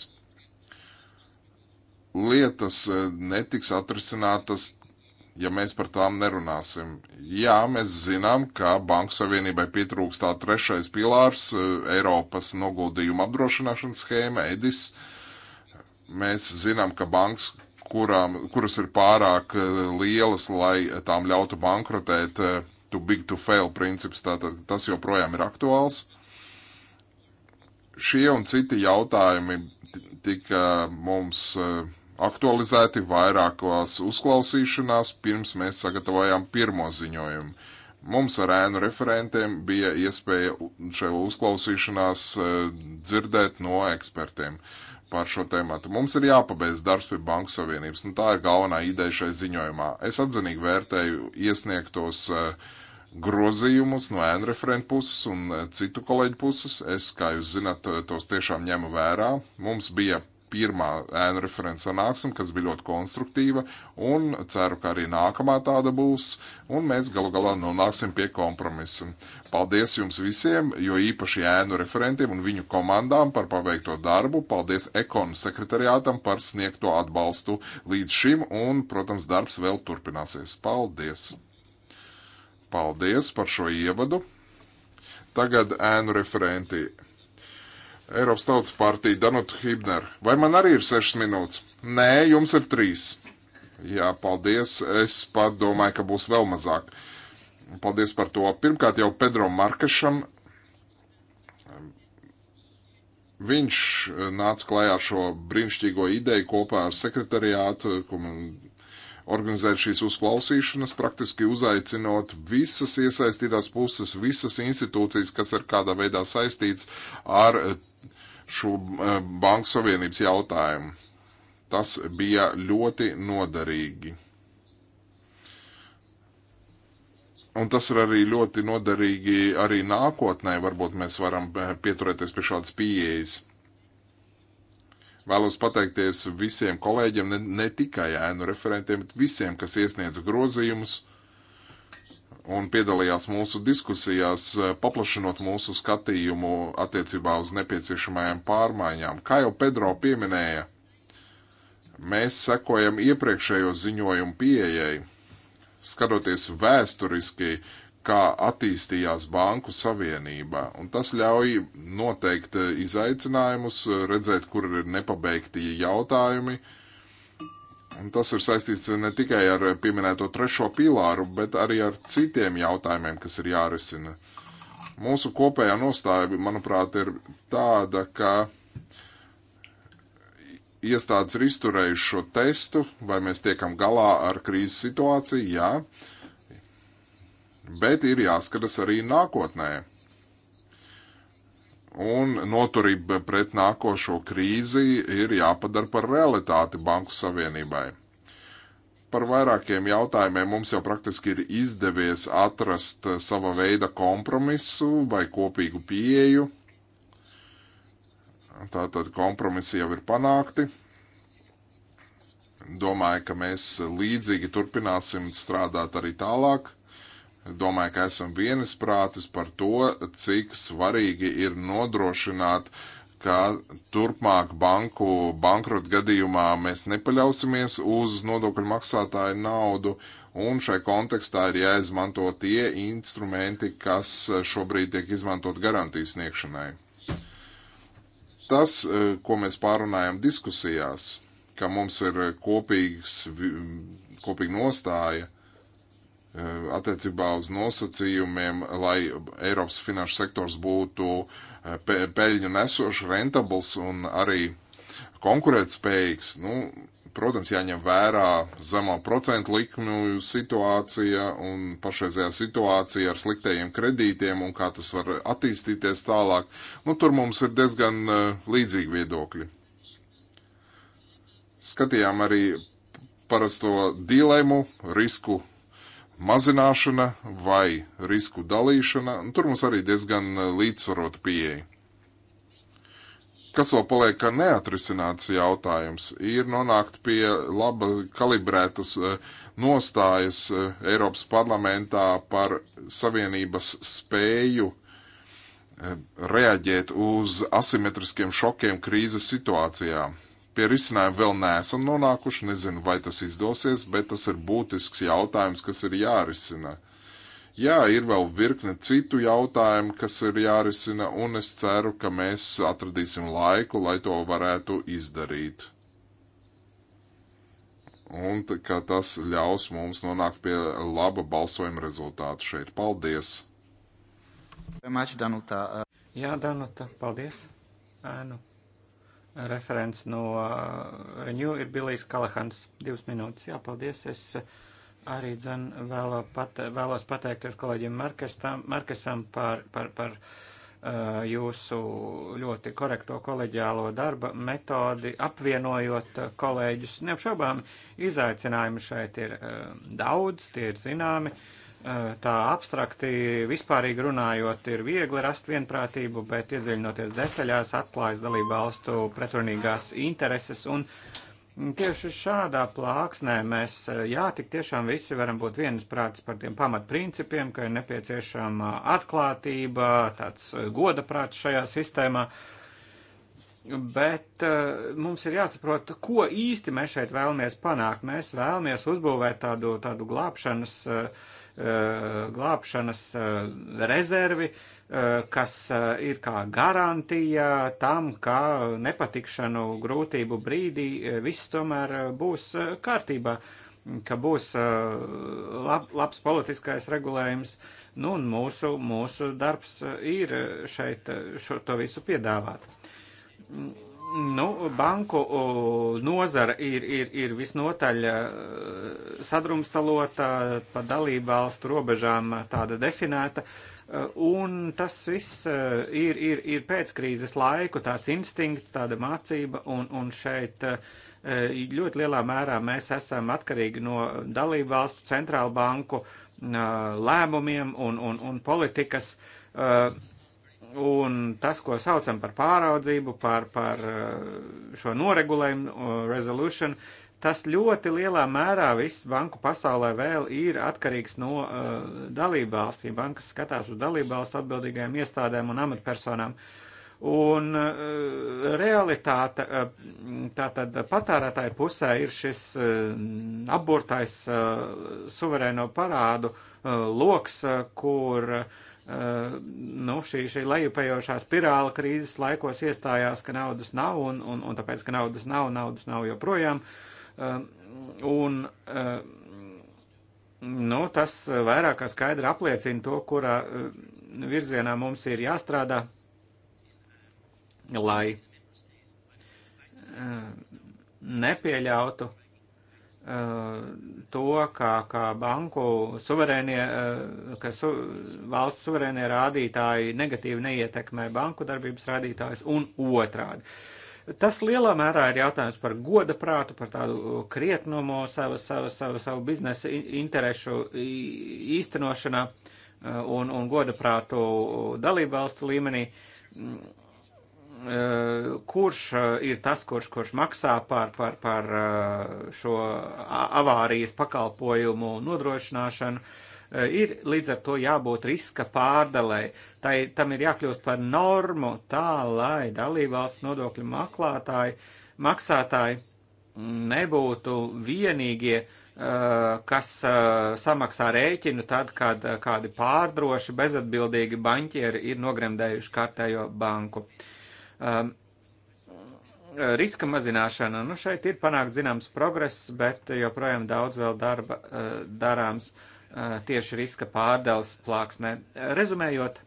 Lietas netiks atrisinātas, ja mēs par tām nerunāsim. Jā, mēs zinām, ka Banku Savienībai pietrūks tā trešais pilārs - Eiropas noguldījuma apdrošināšanas schēma, EDIS. Mēs zinām, ka bankas, kurām, kuras ir pārāk lielas, lai tām ļautu bankrotēt, too big to fail princips, tātad tas joprojām ir aktuāls. Šie un citi jautājumi tika mums e, aktualizēti vairākās uzklausīšanās, pirms mēs sagatavojām pirmo ziņojumu. Mums ar ēnu referentiem bija iespēja šajā uzklausīšanās e, dzirdēt no ekspertiem par šo tēmatu. Mums ir jāpabeidz darbs pie Banku Savienības, un nu, tā ir galvenā ideja šai ziņojumā. Es atzinīgi vērtēju iesniegtos uh, grozījumus no ēnreferentu puses un e, citu kolēģu puses. Es, kā jūs zināt, tos tiešām ņemu vērā. Mums bija pirmā ēnreferenta sanāksme, kas bija ļoti konstruktīva, un ceru, ka arī nākamā tāda būs, un mēs galu galā nonāksim pie kompromisa. Paldies jums visiem, jo īpaši ēnu referentiem un viņu komandām par paveikto darbu, paldies ekonu sekretariātam par sniegto atbalstu līdz šim, un, protams, darbs vēl turpināsies. Paldies! Paldies par šo ievadu. Tagad ēnu referenti. Eiropas Tautas partija Danuta Hibner. Vai man arī ir sešas minūtes? Nē, jums ir trīs. Jā, paldies. Es pat domāju, ka būs vēl mazāk. Paldies par to. Pirmkārt jau Pedro Markešam. Viņš nāca klajā ar šo brīnišķīgo ideju kopā ar sekretariātu, ko man organizēt šīs uzklausīšanas, praktiski uzaicinot visas iesaistītās puses, visas institūcijas, kas ir kādā veidā saistīts ar eh, šo eh, Banku Savienības jautājumu. Tas bija ļoti noderīgi. Un tas ir arī ļoti noderīgi arī nākotnē, varbūt mēs varam eh, pieturēties pie šādas pieejas. Vēlos pateikties visiem kolēģiem, ne, ne tikai ēnu referentiem, bet visiem, kas iesniedza grozījumus un piedalījās mūsu diskusijās, eh, paplašinot mūsu skatījumu attiecībā uz nepieciešamajām pārmaiņām. Kā jau Pedro pieminēja, mēs sekojam iepriekšējo ziņojumu pieejai, skatoties vēsturiski kā attīstījās Banku Savienība, un tas ļauj noteikt eh, izaicinājumus, eh, redzēt, kur ir nepabeigti jautājumi. Un tas ir saistīts eh, ne tikai ar pieminēto trešo pīlāru, bet arī ar citiem jautājumiem, kas ir jārisina. Mūsu kopējā nostāja, manuprāt, ir tāda, ka iestādes ir izturējušas šo testu, vai mēs tiekam galā ar krīzes situāciju, jā, bet ir jāskatās arī nākotnē. Un noturība pret nākošo krīzi ir jāpadara par realitāti Banku Savienībai. Par vairākiem jautājumiem mums jau praktiski ir izdevies atrast sava veida kompromisu vai kopīgu pieeju. Tātad kompromisi jau ir panākti domāju, ka mēs līdzīgi turpināsim strādāt arī tālāk. Es domāju, ka esam vienisprātis par to, cik svarīgi ir nodrošināt, ka turpmāk banku bankrota gadījumā mēs nepaļausimies uz nodokļu maksātāju naudu, un šai kontekstā ir jāizmanto tie instrumenti, kas šobrīd tiek izmantot garantijas sniegšanai. Tas, eh, ko mēs pārunājam diskusijās, ka mums ir kopīgs, kopīga nostāja, Uh, attiecībā uz nosacījumiem, lai Eiropas finanšu sektors būtu uh, peļņu nesošs, rentabls un arī konkurētspējīgs. Nu, protams, jāņem vērā zemā procentu likmju situācija un pašreizējā situācija ar sliktajiem kredītiem un kā tas var attīstīties tālāk. Nu, tur mums ir diezgan uh, līdzīgi viedokļi. Skatījām arī parasto dilemu, risku mazināšana vai risku dalīšana, un tur mums arī diezgan eh, līdzsvarota pieeja. Kas vēl paliek kā neatrisināts jautājums, ir nonākt pie laba kalibrētas eh, nostājas eh, Eiropas parlamentā par savienības spēju reaģēt uz asimetriskiem šokiem krīzes situācijām. Pie risinājuma vēl neesam nonākuši, nezinu, vai tas izdosies, bet tas ir būtisks jautājums, kas ir jārisina. Jā, ir vēl virkne citu jautājumu, kas ir jārisina, un es ceru, ka mēs atradīsim laiku, lai to varētu izdarīt. Un ka tas ļaus mums nonākt pie laba balsojuma rezultātu šeit. Paldies! Mačs Danutā. Jā, Danuta, paldies! Ēnu Referents no uh, Renew ir Bilijs Kalahans. Divas minūtes. Jā, paldies. Es uh, arī dzen vēlo pate, vēlos pateikties kolēģim Markesam, Markesam par. par, par uh, jūsu ļoti korekto kolēģiālo darba metodi, apvienojot kolēģus. Neapšaubām, izaicinājumu šeit ir daudz, tie ir zināmi. Uh, Eh, tā abstrakti, vispārīgi runājot, ir viegli rast vienprātību, bet iedziļinoties detaļās atklājas dalību valstu pretrunīgās intereses un tieši šādā plāksnē mēs, eh, jā, tik tiešām visi varam būt viensprātis par tiem pamatprincipiem, ka ir nepieciešama atklātība, tāds eh, godaprāts šajā sistēmā. Bet uh, mums ir jāsaprot, ko īsti mēs šeit vēlamies panākt. Mēs vēlamies uzbūvēt tādu, tādu glābšanas uh, Eh, glābšanas eh, rezervi, eh, kas ir kā garantija tam, ka nepatikšanu grūtību brīdī viss tomēr būs kārtībā, ka būs lab, labs politiskais regulējums. Nu, un mūsu, mūsu darbs ir šeit šo, to visu piedāvāt mm. Nu, banku nozara ir, ir, ir visnotaļ e, sadrumstalota, pa dalību valstu robežām tāda definēta, e, un tas viss e, ir, ir, ir pēckrīzes laiku tāds instinkts, tāda mācība, un, un šeit ļoti lielā mērā mēs esam atkarīgi no dalību valstu centrālu banku lēmumiem un, un, un politikas. Uh, Un tas, ko saucam par pāraudzību, par, par eh, šo noregulējumu, eh, resolution, tas ļoti lielā mērā viss banku pasaulē vēl ir atkarīgs no uh, eh, dalību valstīm. Bankas skatās uz dalību valstu atbildīgajām iestādēm un amatpersonām. Un uh, realitāte, uh, tātad patērētāju pusē ir šis uh, aburtais uh, suverēno parādu uh, loks, uh, kur uh, nu, šī, šī lejupējošā spirāla krīzes laikos iestājās, ka naudas nav, un, un, un tāpēc, ka naudas nav, naudas nav joprojām. Um, un, um, nu, tas vairāk kā skaidri apliecina to, kurā um, virzienā mums ir jāstrādā, lai nepieļautu to, kā, kā banku suverēnie, eh, ka su, valsts suverēnie rādītāji negatīvi neietekmē banku darbības rādītājus un otrādi. Tas lielā mērā ir jautājums par goda prātu, par tādu krietnumu savu, savu, savu, savu biznesa interešu īstenošanā eh, un, un goda prātu dalību valstu līmenī. Uh, Eh, kurš eh, ir tas, kurš, kurš maksā par, par, par eh, šo avārijas pakalpojumu nodrošināšanu, ir līdz ar to jābūt riska pārdalēji. Tam ir jākļūst par normu tā, lai dalībvalsts nodokļu maklātāji, maksātāji nebūtu vienīgie, kas samaksā rēķinu tad, kad kādi pārdroši bezatbildīgi baņķieri ir nogremdējuši kārtējo banku. Uh, Um, riska mazināšana, nu šeit ir panākt zināms progress, bet joprojām daudz vēl darba uh, darāms uh, tieši riska pārdales plāksnē. Rezumējot,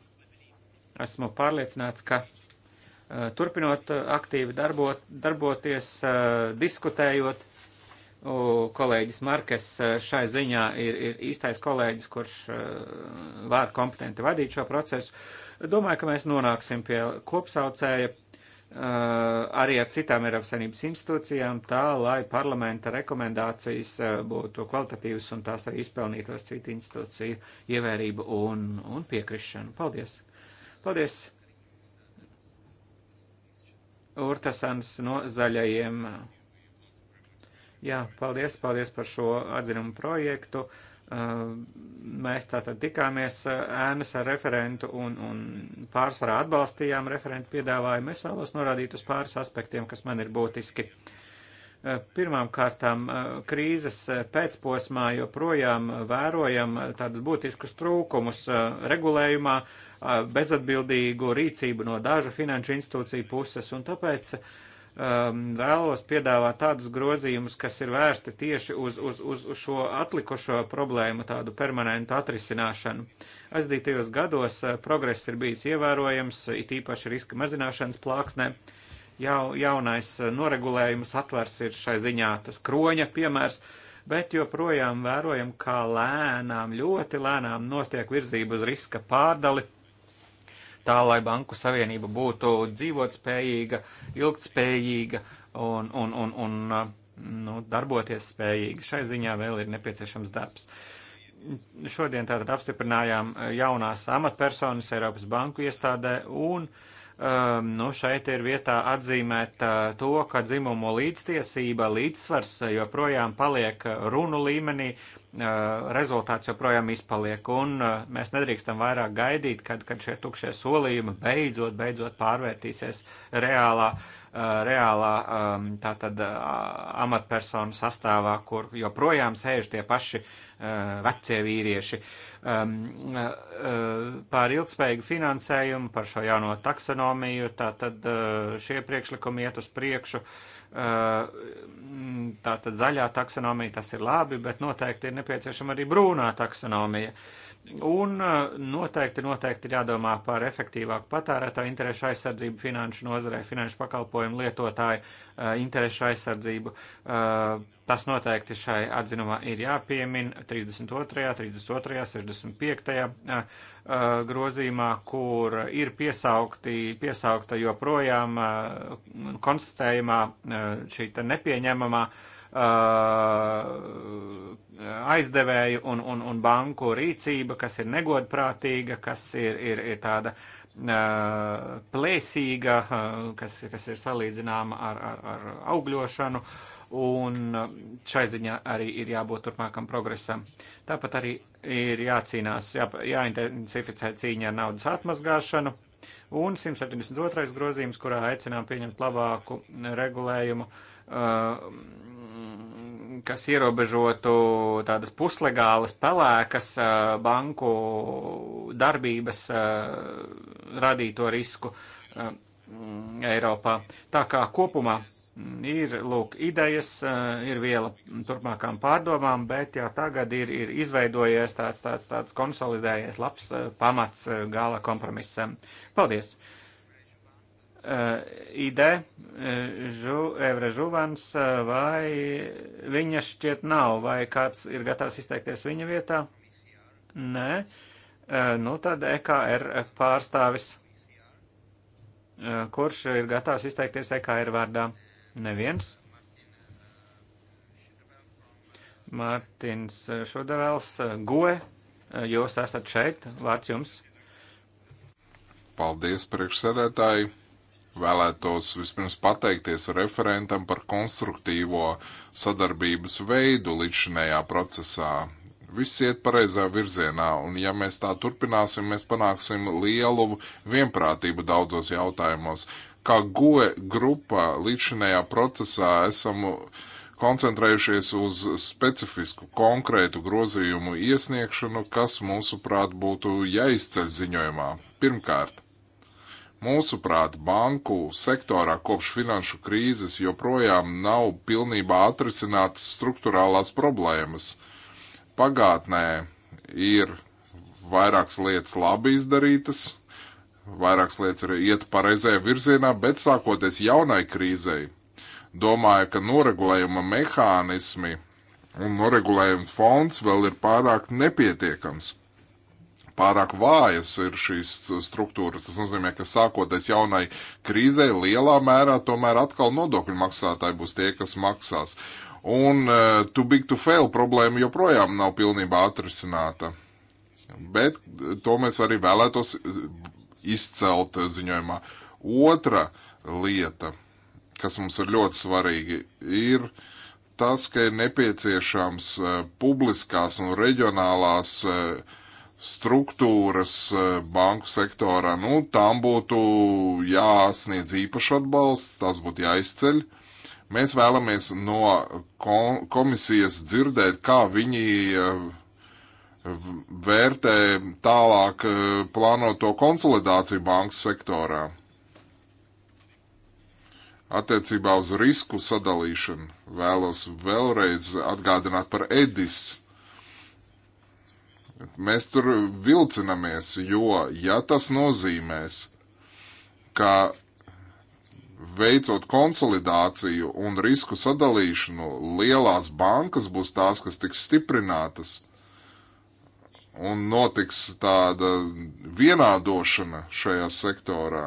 esmu pārliecināts, ka uh, turpinot aktīvi darbot, darboties, diskutējot, kolēģis Markes šai ziņā ir, ir īstais kolēģis, kurš var kompetenti vadīt šo procesu. Domāju, ka mēs nonāksim pie kopsaucēja Uh, arī ar citām Eiropas Savienības institūcijām, tā lai parlamenta rekomendācijas uh, būtu kvalitatīvas un tās arī izpelnītos citu institūciju ievērību un, un piekrišanu. Paldies! Paldies! Urtasans no zaļajiem. Jā, paldies, paldies par šo atzinumu projektu. Uh, Mēs tātad tikāmies ēnas ar referentu un, un pārsvarā atbalstījām referentu piedāvājumu. Es vēlos norādīt uz pāris aspektiem, kas man ir būtiski. Pirmām kārtām krīzes pēcposmā joprojām vērojam tādus būtiskus trūkumus regulējumā, bezatbildīgu rīcību no dažu finanšu institūciju puses, un tāpēc uh, Um, vēlos piedāvāt tādus grozījumus, kas ir vērsti tieši uz, uz, uz, uz šo atlikušo problēmu, tādu permanentu atrisināšanu. Aizdītajos gados uh, progress ir bijis ievērojams, it īpaši riska mazināšanas plāksnē. Jau, jaunais uh, noregulējums atvers ir šai ziņā tas kroņa piemērs, bet joprojām vērojam, kā lēnām, ļoti lēnām notiek virzība uz riska pārdali tā, lai banku savienība būtu dzīvotspējīga, ilgtspējīga un, un, un, un nu, darboties spējīga. Šai ziņā vēl ir nepieciešams darbs. Šodien tātad apstiprinājām eh, jaunās amatpersonas Eiropas banku iestādē un um, nu, šeit ir vietā atzīmēt uh, to, ka dzimumu līdztiesība, līdzsvars joprojām paliek runu līmenī, rezultāts joprojām izpaliek, un mēs nedrīkstam vairāk gaidīt, kad, kad šie tukšie solījumi beidzot, beidzot pārvērtīsies reālā, reālā tātad amatpersonu sastāvā, kur joprojām sēž tie paši vecie vīrieši. Uh, Um, uh, uh, par ilgspējīgu finansējumu, par šo jauno taksonomiju, tātad uh, šie priekšlikumi iet uz priekšu. Tātad zaļā taksonomija tas ir labi, bet noteikti ir nepieciešama arī brūnā taksonomija. Un eh, noteikti, noteikti ir jādomā par efektīvāku patērētāju interešu aizsardzību finanšu nozarē, finanšu pakalpojumu lietotāju eh, interešu aizsardzību. Eh, tas noteikti šai atzinumā ir jāpiemin 32., 32., 65. grozījumā, kur ir piesaukti, piesaukta joprojām konstatējumā šī nepieņemamā uh, Uh, aizdevēju un, un, un banku rīcība, kas ir negodprātīga, kas ir, ir, ir tāda uh, plēsīga, uh, kas, kas ir salīdzināma ar, ar, ar augļošanu. Un šai ziņā arī ir jābūt turpmākam progresam. Tāpat arī ir jācīnās, jā, jāintensificē cīņa ar naudas atmazgāšanu. Un 172. grozījums, kurā aicinām pieņemt labāku regulējumu uh, kas ierobežotu tādas puslegālas, pelēkas eh, banku darbības eh, radīto risku eh, Eiropā. Tā kā kopumā mm, ir lūk, idejas, ir viela turpmākām pārdomām, bet jau tagad ir, ir izveidojies tāds, tāds, tāds konsolidējies labs pamats gala kompromisam. Paldies! Eh, ID eh, žu, Evra Žuvans, eh, vai viņa šķiet nav, vai kāds ir gatavs izteikties viņa vietā? Nē. Nu tad EKR pārstāvis. Kurš ir gatavs izteikties EKR vārdā? Neviens. Mārtiņš Šudevels, Goe, jūs esat šeit, vārds jums. Paldies, priekšsēdētāji! Vēlētos vispirms pateikties referentam par konstruktīvo sadarbības veidu līdzinējā procesā. Viss iet pareizā virzienā, un ja mēs tā turpināsim, mēs panāksim lielu vienprātību daudzos jautājumos. Kā goe grupa līdzinējā procesā esam koncentrējušies uz specifisku konkrētu grozījumu iesniegšanu, kas mūsuprāt būtu jāizceļ ziņojumā. Pirmkārt, Mūsuprāt, banku sektorā kopš finanšu krīzes joprojām nav pilnībā atrisinātas struktūrālās problēmas. Pagātnē ir vairākas lietas labi izdarītas, vairākas lietas ir iet pareizajā virzienā, bet sākoties jaunai krīzei, domāju, ka noregulējuma mehānismi un noregulējuma fonds vēl ir pārāk nepietiekams pārāk vājas ir šīs struktūras. Tas nozīmē, ka sākoties jaunai krīzē, lielā mērā tomēr atkal nodokļu maksātāji būs tie, kas maksās. Un uh, too big to fail problēma joprojām nav pilnībā atrisināta. Bet to mēs arī vēlētos izcelt ziņojumā. Otra lieta, kas mums ir ļoti svarīga, ir tas, ka ir nepieciešams uh, publiskās un reģionālās uh, struktūras eh, banku sektorā, nu, tām būtu jāsniedz īpašu atbalsts, tās būtu jāizceļ. Mēs vēlamies no komisijas dzirdēt, kā viņi eh, vērtē tālāk eh, plānoto konsolidāciju banku sektorā attiecībā uz risku sadalīšanu. Vēlos vēlreiz atgādināt par Edis Mēs tur vilcinamies, jo ja tas nozīmēs, ka veicot konsolidāciju un risku sadalīšanu, lielās bankas būs tās, kas tiks stiprinātas, un notiks tāda vienādošana šajā sektorā,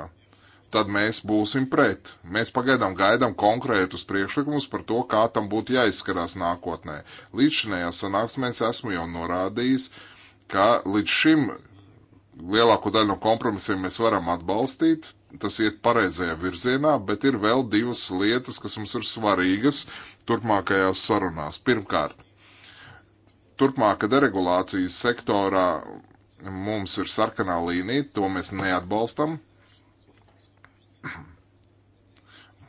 tad mēs būsim pret. Mēs pagaidām gaidām konkrētus priekšlikumus par to, kā tam būtu jāizskarās nākotnē. Līdz šajā sanāksmēs esmu jau norādījis, uh, ka līdz šim lielāko daļu no kompromisiem mēs varam atbalstīt. Tas iet pareizajā virzienā, bet ir vēl divas lietas, kas mums ir svarīgas turpmākajās sarunās. Pirmkārt, turpmāka deregulācijas sektorā mums ir sarkanā līnija, to mēs neatbalstam.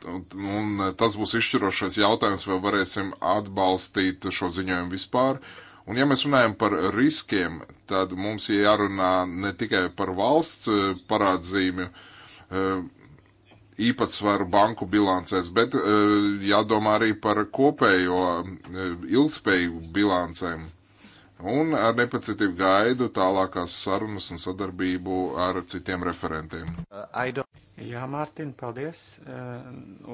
Un tas būs izšķirošais jautājums, vai varēsim atbalstīt šo ziņojumu vispār. Uh, Un ja mēs runājam par riskiem, tad mums jārunā ne tikai par valsts eh, parādzīmi eh, īpatsvaru banku bilancēs, bet eh, jādomā arī par kopējo ilgspējību bilancēm un ar nepacietību gaidu tālākās sarunas un sadarbību ar citiem referentiem. Uh, Jā, Mārtiņ, paldies. Uh,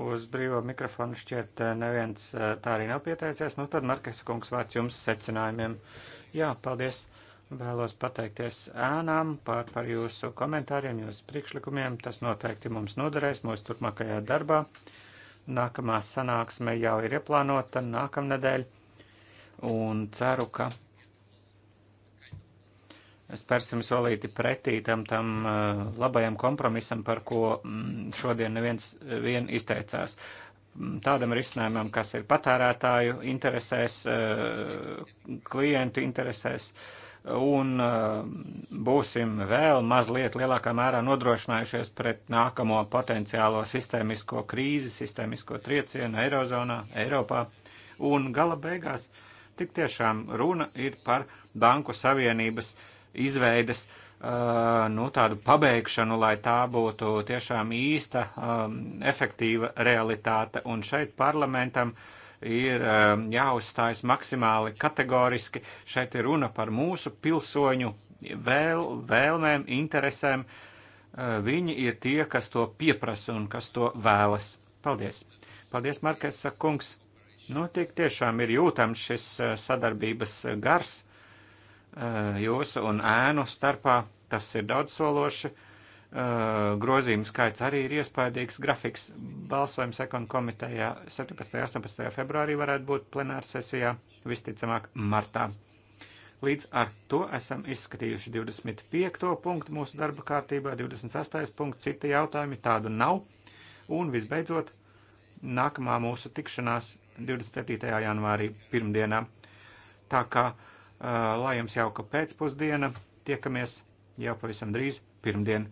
uz brīvo mikrofonu šķiet uh, neviens uh, tā arī nav pieteicies. Nu tad, Markesa kungs, vārds jums secinājumiem. Jā, paldies. Vēlos pateikties ēnām par, par jūsu komentāriem, jūsu priekšlikumiem. Tas noteikti mums noderēs mūsu turpmākajā darbā. Nākamā sanāksme jau ir ieplānota nākamnedēļ un ceru, ka Es persim solīti pretī tam, tam uh, labajam kompromisam, par ko mm, šodien neviens vien izteicās. Mm, tādam risinājumam, kas ir patērētāju interesēs, uh, klientu interesēs, un uh, būsim vēl mazliet lielākā mērā nodrošinājušies pret nākamo potenciālo sistēmisko krīzi, sistēmisko triecienu Eirozonā, Eiropā. Un gala beigās tik tiešām runa ir par Banku Savienības uh, izveides uh, nu, tādu pabeigšanu, lai tā būtu tiešām īsta, um, efektīva realitāte. Un šeit parlamentam ir um, jāuzstājas maksimāli kategoriski. Šeit ir runa par mūsu pilsoņu vēl, vēlmēm, interesēm. Uh, viņi ir tie, kas to pieprasa un kas to vēlas. Paldies! Paldies, Markesa kungs! Nu, tik tiešām ir jūtams šis uh, sadarbības gars Eh, jūsu un ēnu starpā. Tas ir daudzsološi. Eh, grozījuma skaits arī ir iespaidīgs. Grafiks balsojums ekonomikas komitejā 17. un 18. februārī varētu būt plenāra sesijā, visticamāk, martā. Līdz ar to esam izskatījuši 25. punktu mūsu darba kārtībā, 26. punktu, citi jautājumi tādu nav. Un visbeidzot, nākamā mūsu tikšanās 27. janvārī pirmdienā. Tā kā uh, Lai jums jauka pēcpusdiena, tiekamies jau pavisam drīz pirmdien.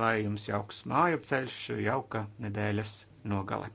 Lai jums jauks mājupceļš, jauka nedēļas nogale.